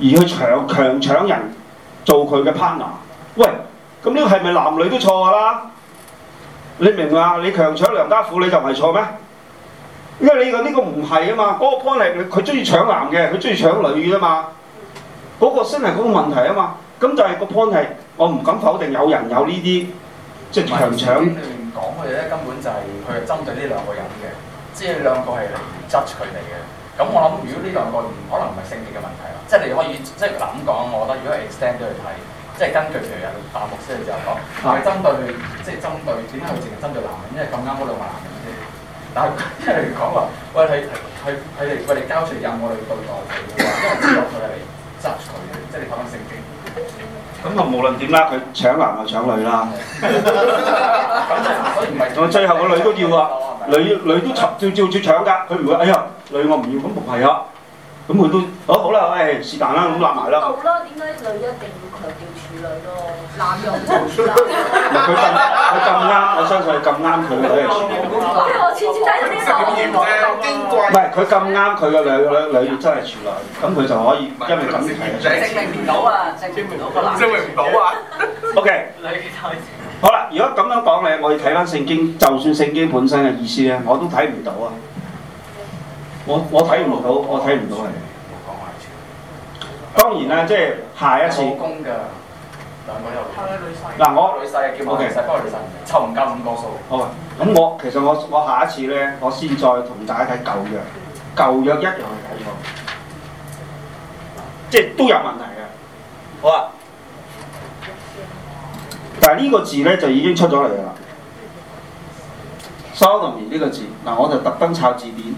而去強強搶人做佢嘅 partner。喂，咁呢個係咪男女都錯噶啦？你明嘛？你強搶良家婦女就唔係錯咩？因為你話呢個唔係啊嘛，嗰個 point 係佢中意搶男嘅，佢中意搶女啊嘛，嗰個先係嗰個問題啊嘛。咁就係個 point 係，我唔敢否定有人有呢啲即係強搶。亂講嘅嘢咧，根本就係佢係針對呢兩個人嘅，即係兩個係嚟則佢哋嘅。咁我諗，如果呢兩個唔可能唔係性別嘅問題啦，即係你可以即係咁講，我覺得如果 extend 咗去睇，即係根據佢有彈幕先嘅就講，係針對即係針對點解佢淨係針對男人，因為咁啱嗰度話男嘅。啊！即係講話，喂，佢佢佢哋，喂，你交出任我嚟對待佢嘅話，因為知道佢係嚟執佢嘅，即係你講聖經。咁啊，無論點啦，佢搶男又搶女啦。咁啊，所以唔係。咁啊，最後個女都要啊，女女都照照照搶㗎。佢唔會，哎呀，女我唔要，咁唔係啊。咁佢都，好，好啦，誒，是但啦，咁攬埋啦。好啦，點解女一定要強調處女咯？濫用。佢咁啱，我相信佢咁啱佢女係處女。我次次睇呢啲，唔係佢咁啱佢嘅女女女真係處女，咁佢就可以，因為咁先睇。證明唔到啊，證明唔到唔到啊。OK。好啦，如果咁樣講咧，我要睇翻聖經，就算聖經本身嘅意思咧，我都睇唔到啊。我我睇唔到，我睇唔到啊！我、嗯、當然啦，即係下一次。嗱，我個女婿啊，叫埋女婿，不過女婿湊唔夠五個數。好咁、okay，我其實我我下一次咧，我先再同大家睇舊約，舊約一樣嘅睇法，即係都有問題嘅。好啊，但係呢個字咧就已經出咗嚟啦。收銀呢個字，嗱，我就特登抄字典。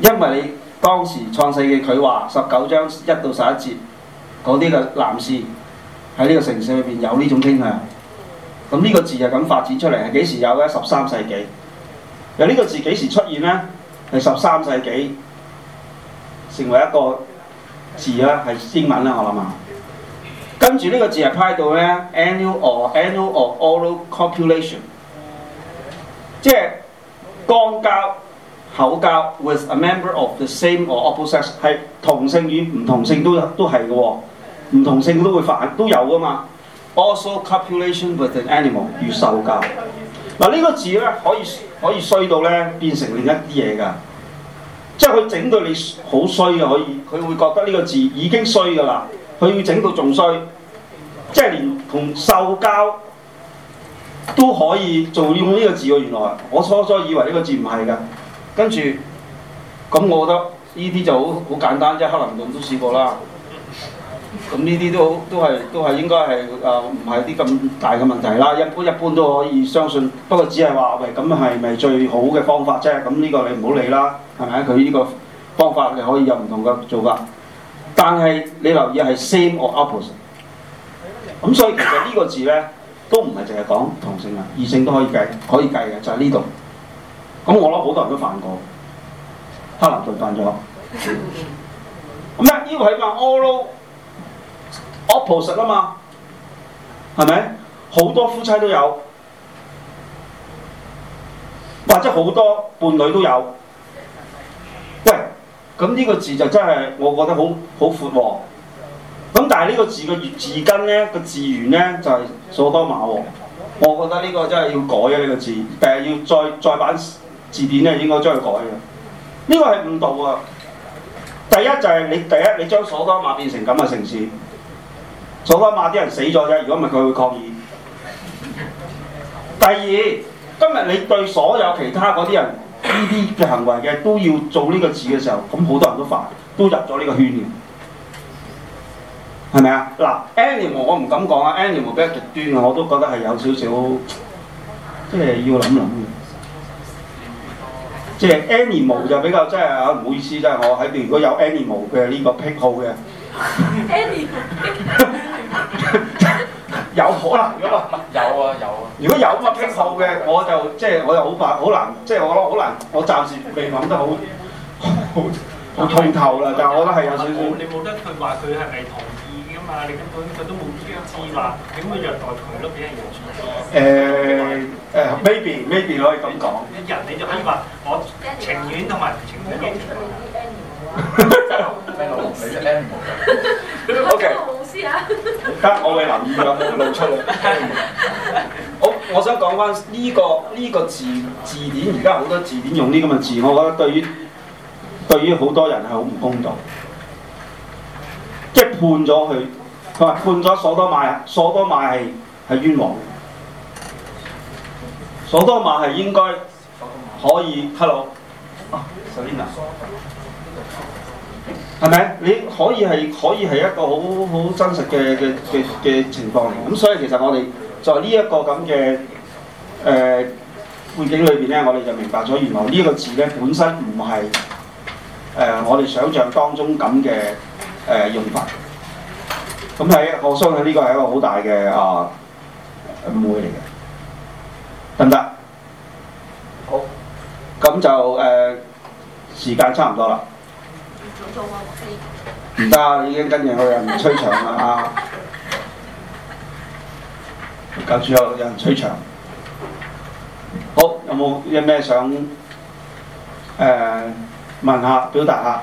因為你當時創世記佢話十九章一到十一節嗰啲嘅男士喺呢個城市裏邊有呢種傾向，咁呢個字就咁發展出嚟，係幾時有嘅？十三世紀。又呢個字幾時出現咧？係十三世紀成為一個字啦，係英文啦，我諗下，跟住呢個字係派到咩？Annual or annual or all calculation，即係肛交。口交 with a member of the same or opposite sex，係同性與，唔同性都都係嘅喎，唔同性都會犯，都有㗎嘛。Also copulation with an animal 與獸交，嗱呢個字咧可以可以衰到咧變成另一啲嘢㗎，即係佢整到你好衰嘅可以，佢會覺得呢個字已經衰㗎啦，佢要整到仲衰，即係連同獸交都可以做用呢個字㗎。原來我初初以為呢個字唔係㗎。跟住，咁我覺得呢啲就好好簡單，啫，克林頓都試過啦。咁呢啲都都係都係應該係誒，唔係啲咁大嘅問題啦。一般一般都可以相信，不過只係話喂，咁係咪最好嘅方法啫？咁呢個你唔好理啦，係咪？佢呢個方法你可以有唔同嘅做法，但係你留意係 same or opposite。咁所以其實呢個字呢，都唔係淨係講同性㗎，異性都可以計，可以計嘅就係呢度。咁我諗好多人都犯過，克林就犯咗。咁咧， 呢個係咪 all of, opposite 啊？嘛，係咪？好多夫妻都有，或者好多伴侶都有。喂，咁呢個字就真係我覺得好好闊喎。咁但係呢個字嘅字根咧，個字源咧就係所多瑪喎。我覺得、哦、個字字呢，呢、就是哦、覺得個真係要改啊！呢、呢個字，定係要再再版？字典咧應該將佢改啊！呢個係誤導啊！第一就係你第一，你將所多瑪變成咁嘅城市，所多瑪啲人死咗啫，如果唔係佢會抗議。第二，今日你對所有其他嗰啲人呢啲嘅行為嘅都要做呢個字嘅時候，咁好多人都煩，都入咗呢個圈㗎，係咪啊？嗱，anyway 我唔敢講啊，anyway 比較極端啊，我都覺得係有少少，即係要諗諗即係 animal 就比較即係啊！唔好意思，即係我喺度如果有 animal 嘅呢個癖好嘅，animal 有可能噶嘛？有啊有啊！如果有個、這個、癖好嘅，我就即係、就是、我又好難好難，即、就、係、是、我覺得好難，我暫時未諗得好，好通透啦！ 但係我覺得係有少少。你冇得佢話佢係咪通？你根本佢都冇資格知嘛，你咁虐待佢咯，俾人虐待咯。誒誒，maybe maybe 可以咁講。人你就可以話我情願同埋情願。O K，我冇啊。得，我會留意㗎，露出嚟。好，我想講翻呢個呢、呢個字字典，而家好多字典用呢咁嘅字，我覺得對於對於好多人係好唔公道，即係判咗佢。佢話判咗所多瑪，所多瑪係係冤枉，所多瑪係應該可以睇到。Hello 首先嗱，係咪？你可以係可以係一個好好真實嘅嘅嘅嘅情況嚟。咁所以其實我哋在呢一個咁嘅誒背景裏邊咧，我哋就明白咗原來呢個字咧本身唔係誒我哋想象當中咁嘅誒用法。咁係，我相信呢個係一個好大嘅啊機會嚟嘅，得唔得？好，咁就誒、呃、時間差唔多啦。唔得，已經跟住有人吹場啦啊！跟住 有人吹場。好，有冇有咩想誒、呃、問下、表達下？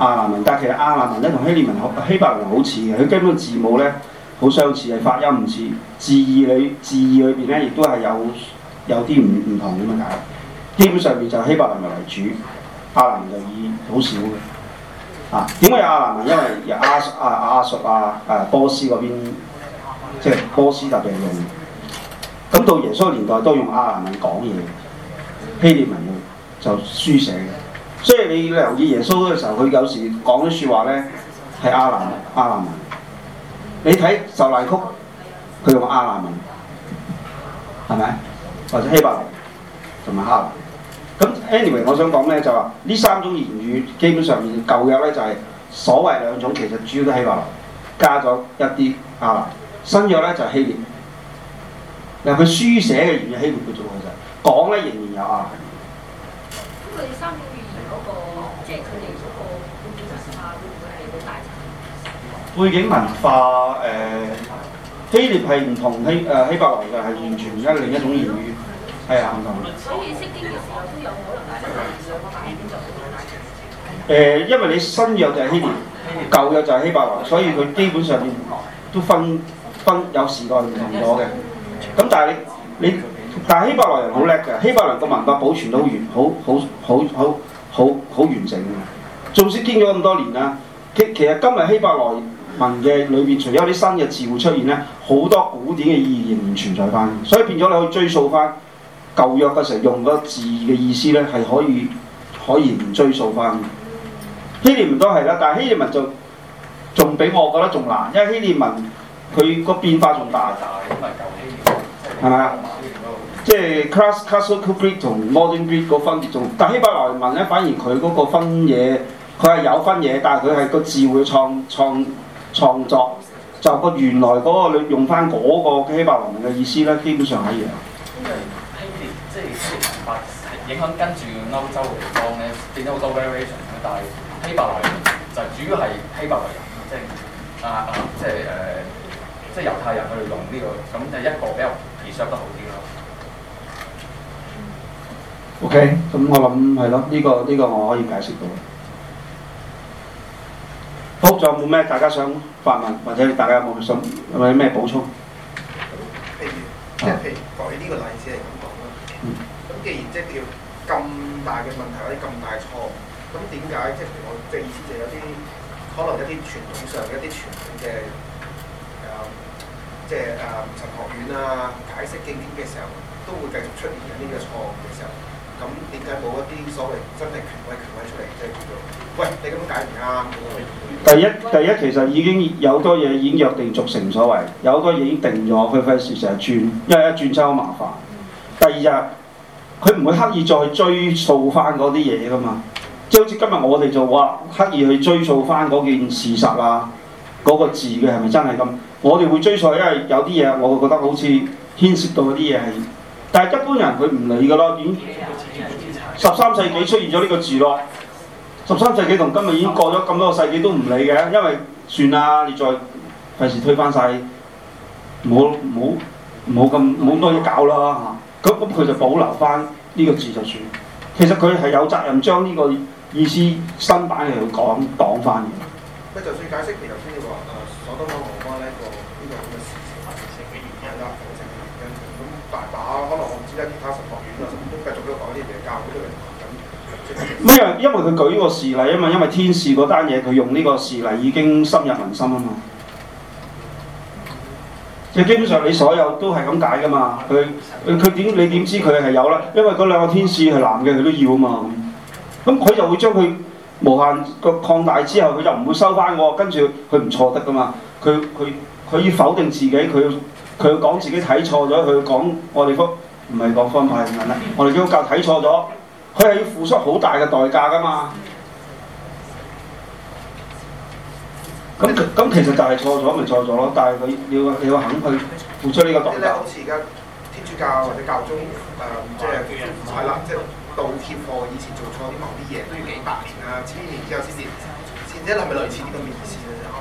亞蘭文，但其實亞蘭文咧同希臘文、希伯來文好似嘅，佢基本字母咧好相似，係發音唔似，字義裏字義裏邊咧亦都係有有啲唔唔同點樣解？基本上面就希伯來文為主，亞蘭文就以好少嘅。啊，點解亞蘭文？因為由亞亞亞述啊，誒、啊啊、波斯嗰邊即係、就是、波斯特別用，咁到耶穌年代都用亞蘭文講嘢，希臘文就書寫嘅。所以你留意耶穌嗰個時候，佢有時講嘅説話咧係亞蘭亞蘭文。你睇受難曲，佢用亞蘭文，係咪？或者希伯來同埋哈蘭。咁 anyway，我想講咧就話呢三種言語基本上面舊約咧就係、是、所謂兩種，其實主要都希伯來加咗一啲亞蘭。新約咧就是、希臘。嗱，佢書寫嘅言語希臘叫做其實講咧仍然有亞蘭。背景文化誒、呃，希臘係唔同希誒、呃，希伯來嘅係完全一另一種言語，係啊唔同。誒、嗯，因為你新約就係希臘，舊約就係希伯來，所以佢基本上邊都分分有時代唔同咗嘅。咁但係你你但係希伯來人好叻嘅，希伯來個文化保存到好完，好好好好好好完整嘅。即使經咗咁多年啦，其其實今日希伯來。文嘅裏邊，除咗啲新嘅字會出現咧，好多古典嘅意義唔存在翻嘅，所以變咗你可以追溯翻舊約嘅時候用嗰個字嘅意思咧，係可以可以唔追溯翻。mm hmm. 希臘文都係啦，但係希臘文就仲比我覺得仲難，因為希臘文佢個變化仲大。係咪啊？Hmm. 是是即係 class classical Greek 同 modern Greek 嗰分別仲，但希伯來文咧反而佢嗰個分嘢，佢係有分嘢，但係佢係個字會創創。創作就個原來嗰個你用翻嗰個希伯來文嘅意思咧，基本上可以。因為希臘即係希臘文化影響跟住歐洲嘅地方咧，變咗好多 variation，但係希伯來就主要係希伯來人，即係啊啊，即係誒，即係猶太人去用呢個，咁就一個比較 research 得好啲咯。OK，咁我諗係咯，呢個呢個我可以解釋到。好，仲有冇咩大家想發問，或者大家有冇想有啲咩補充？好，譬如，即係、啊、譬如舉呢個例子係咁講啦。咁既然即係叫咁大嘅問題或者咁大錯誤，咁點解即係譬如我即係意思就有啲可能一啲傳統上有一啲傳統嘅誒、呃，即係誒神學院啊解釋經典嘅時候，都會繼續出現緊呢個錯誤嘅時候。咁點解冇一啲所謂真正權威權威出嚟？即係喂，你咁樣解唔啱？第一，第一其實已經有多嘢已經約定俗成，所謂。有多嘢已經定咗，佢費事成日轉，因為一轉真好麻煩。第二日佢唔會刻意再追溯翻嗰啲嘢噶嘛，即係好似今日我哋就話刻意去追溯翻嗰件事實啊，嗰、嗰個字嘅係咪真係咁？我哋會追溯，因為有啲嘢我會覺得好似牽涉到嗰啲嘢係，但係一般人佢唔理噶咯，點、嗯？十三世紀出現咗呢個字咯，十三世紀同今日已經過咗咁多個世紀都唔理嘅，因為算啦，你再費事推翻晒，冇冇冇咁冇多嘢搞啦嚇。咁咁佢就保留翻呢個字就算，其實佢係有責任將呢個意思新版嚟講講翻嘅。就算解釋譬如頭先你話誒，索多瑪和巴咧個呢個咁嘅事情發生嘅原因啦，造成嘅原因咁大把，可能我唔知得其他神學院啊。咩？因為因為佢舉個事例啊嘛，因為天使嗰單嘢佢用呢個事例已經深入民心啊嘛。即係基本上你所有都係咁解噶嘛。佢佢點你點知佢係有咧？因為嗰兩個天使係男嘅，佢都要啊嘛。咁佢就會將佢無限個擴大之後，佢就唔會收翻我。跟住佢唔錯得噶嘛。佢佢佢要否定自己，佢佢要講自己睇錯咗，佢講我哋唔係講方法係唔係咧？我哋叫教睇錯咗，佢係要付出好大嘅代價㗎嘛？咁咁其實就係錯咗，咪錯咗咯？但係佢要你要肯去付出呢個代價。即好似而家天主教或者教宗誒、呃，即係係啦，即係道歉或以前做錯啲某啲嘢，都要幾百年啊、千年之後先至。即係係咪類似呢個嘅意思咧，啊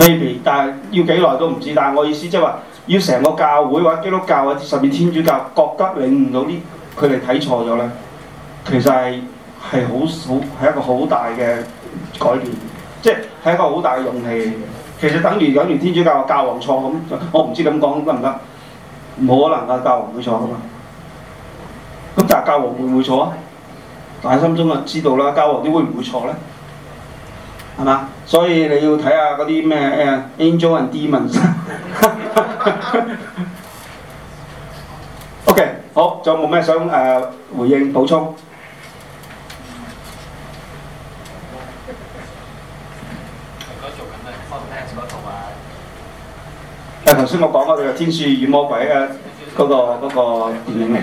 ？Maybe，但係要幾耐都唔知。但係我意思即係話。要成個教會或者基督教啊，甚至天主教，覺得領悟到呢，佢哋睇錯咗咧，其實係係好少，係一個好大嘅改變，即係係一個好大嘅勇氣。其實等於有啲天主教教皇錯咁，我唔知咁講得唔得，冇可能噶，教皇唔會錯噶嘛。咁但係教皇會唔會錯啊？但係心中就知道啦，教皇啲會唔會錯咧？係嘛？所以你要睇下嗰啲咩誒 Angels and Demons O、okay, K，好，仲有冇咩想誒、呃、回應補充？誒，頭 先樂、啊、我講嗰個《天使與魔鬼、那個》嘅嗰、 那個嗰、那個、電影嚟。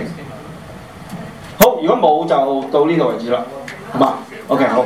好，如果冇就到呢度為止啦。 好嘛，O K，好。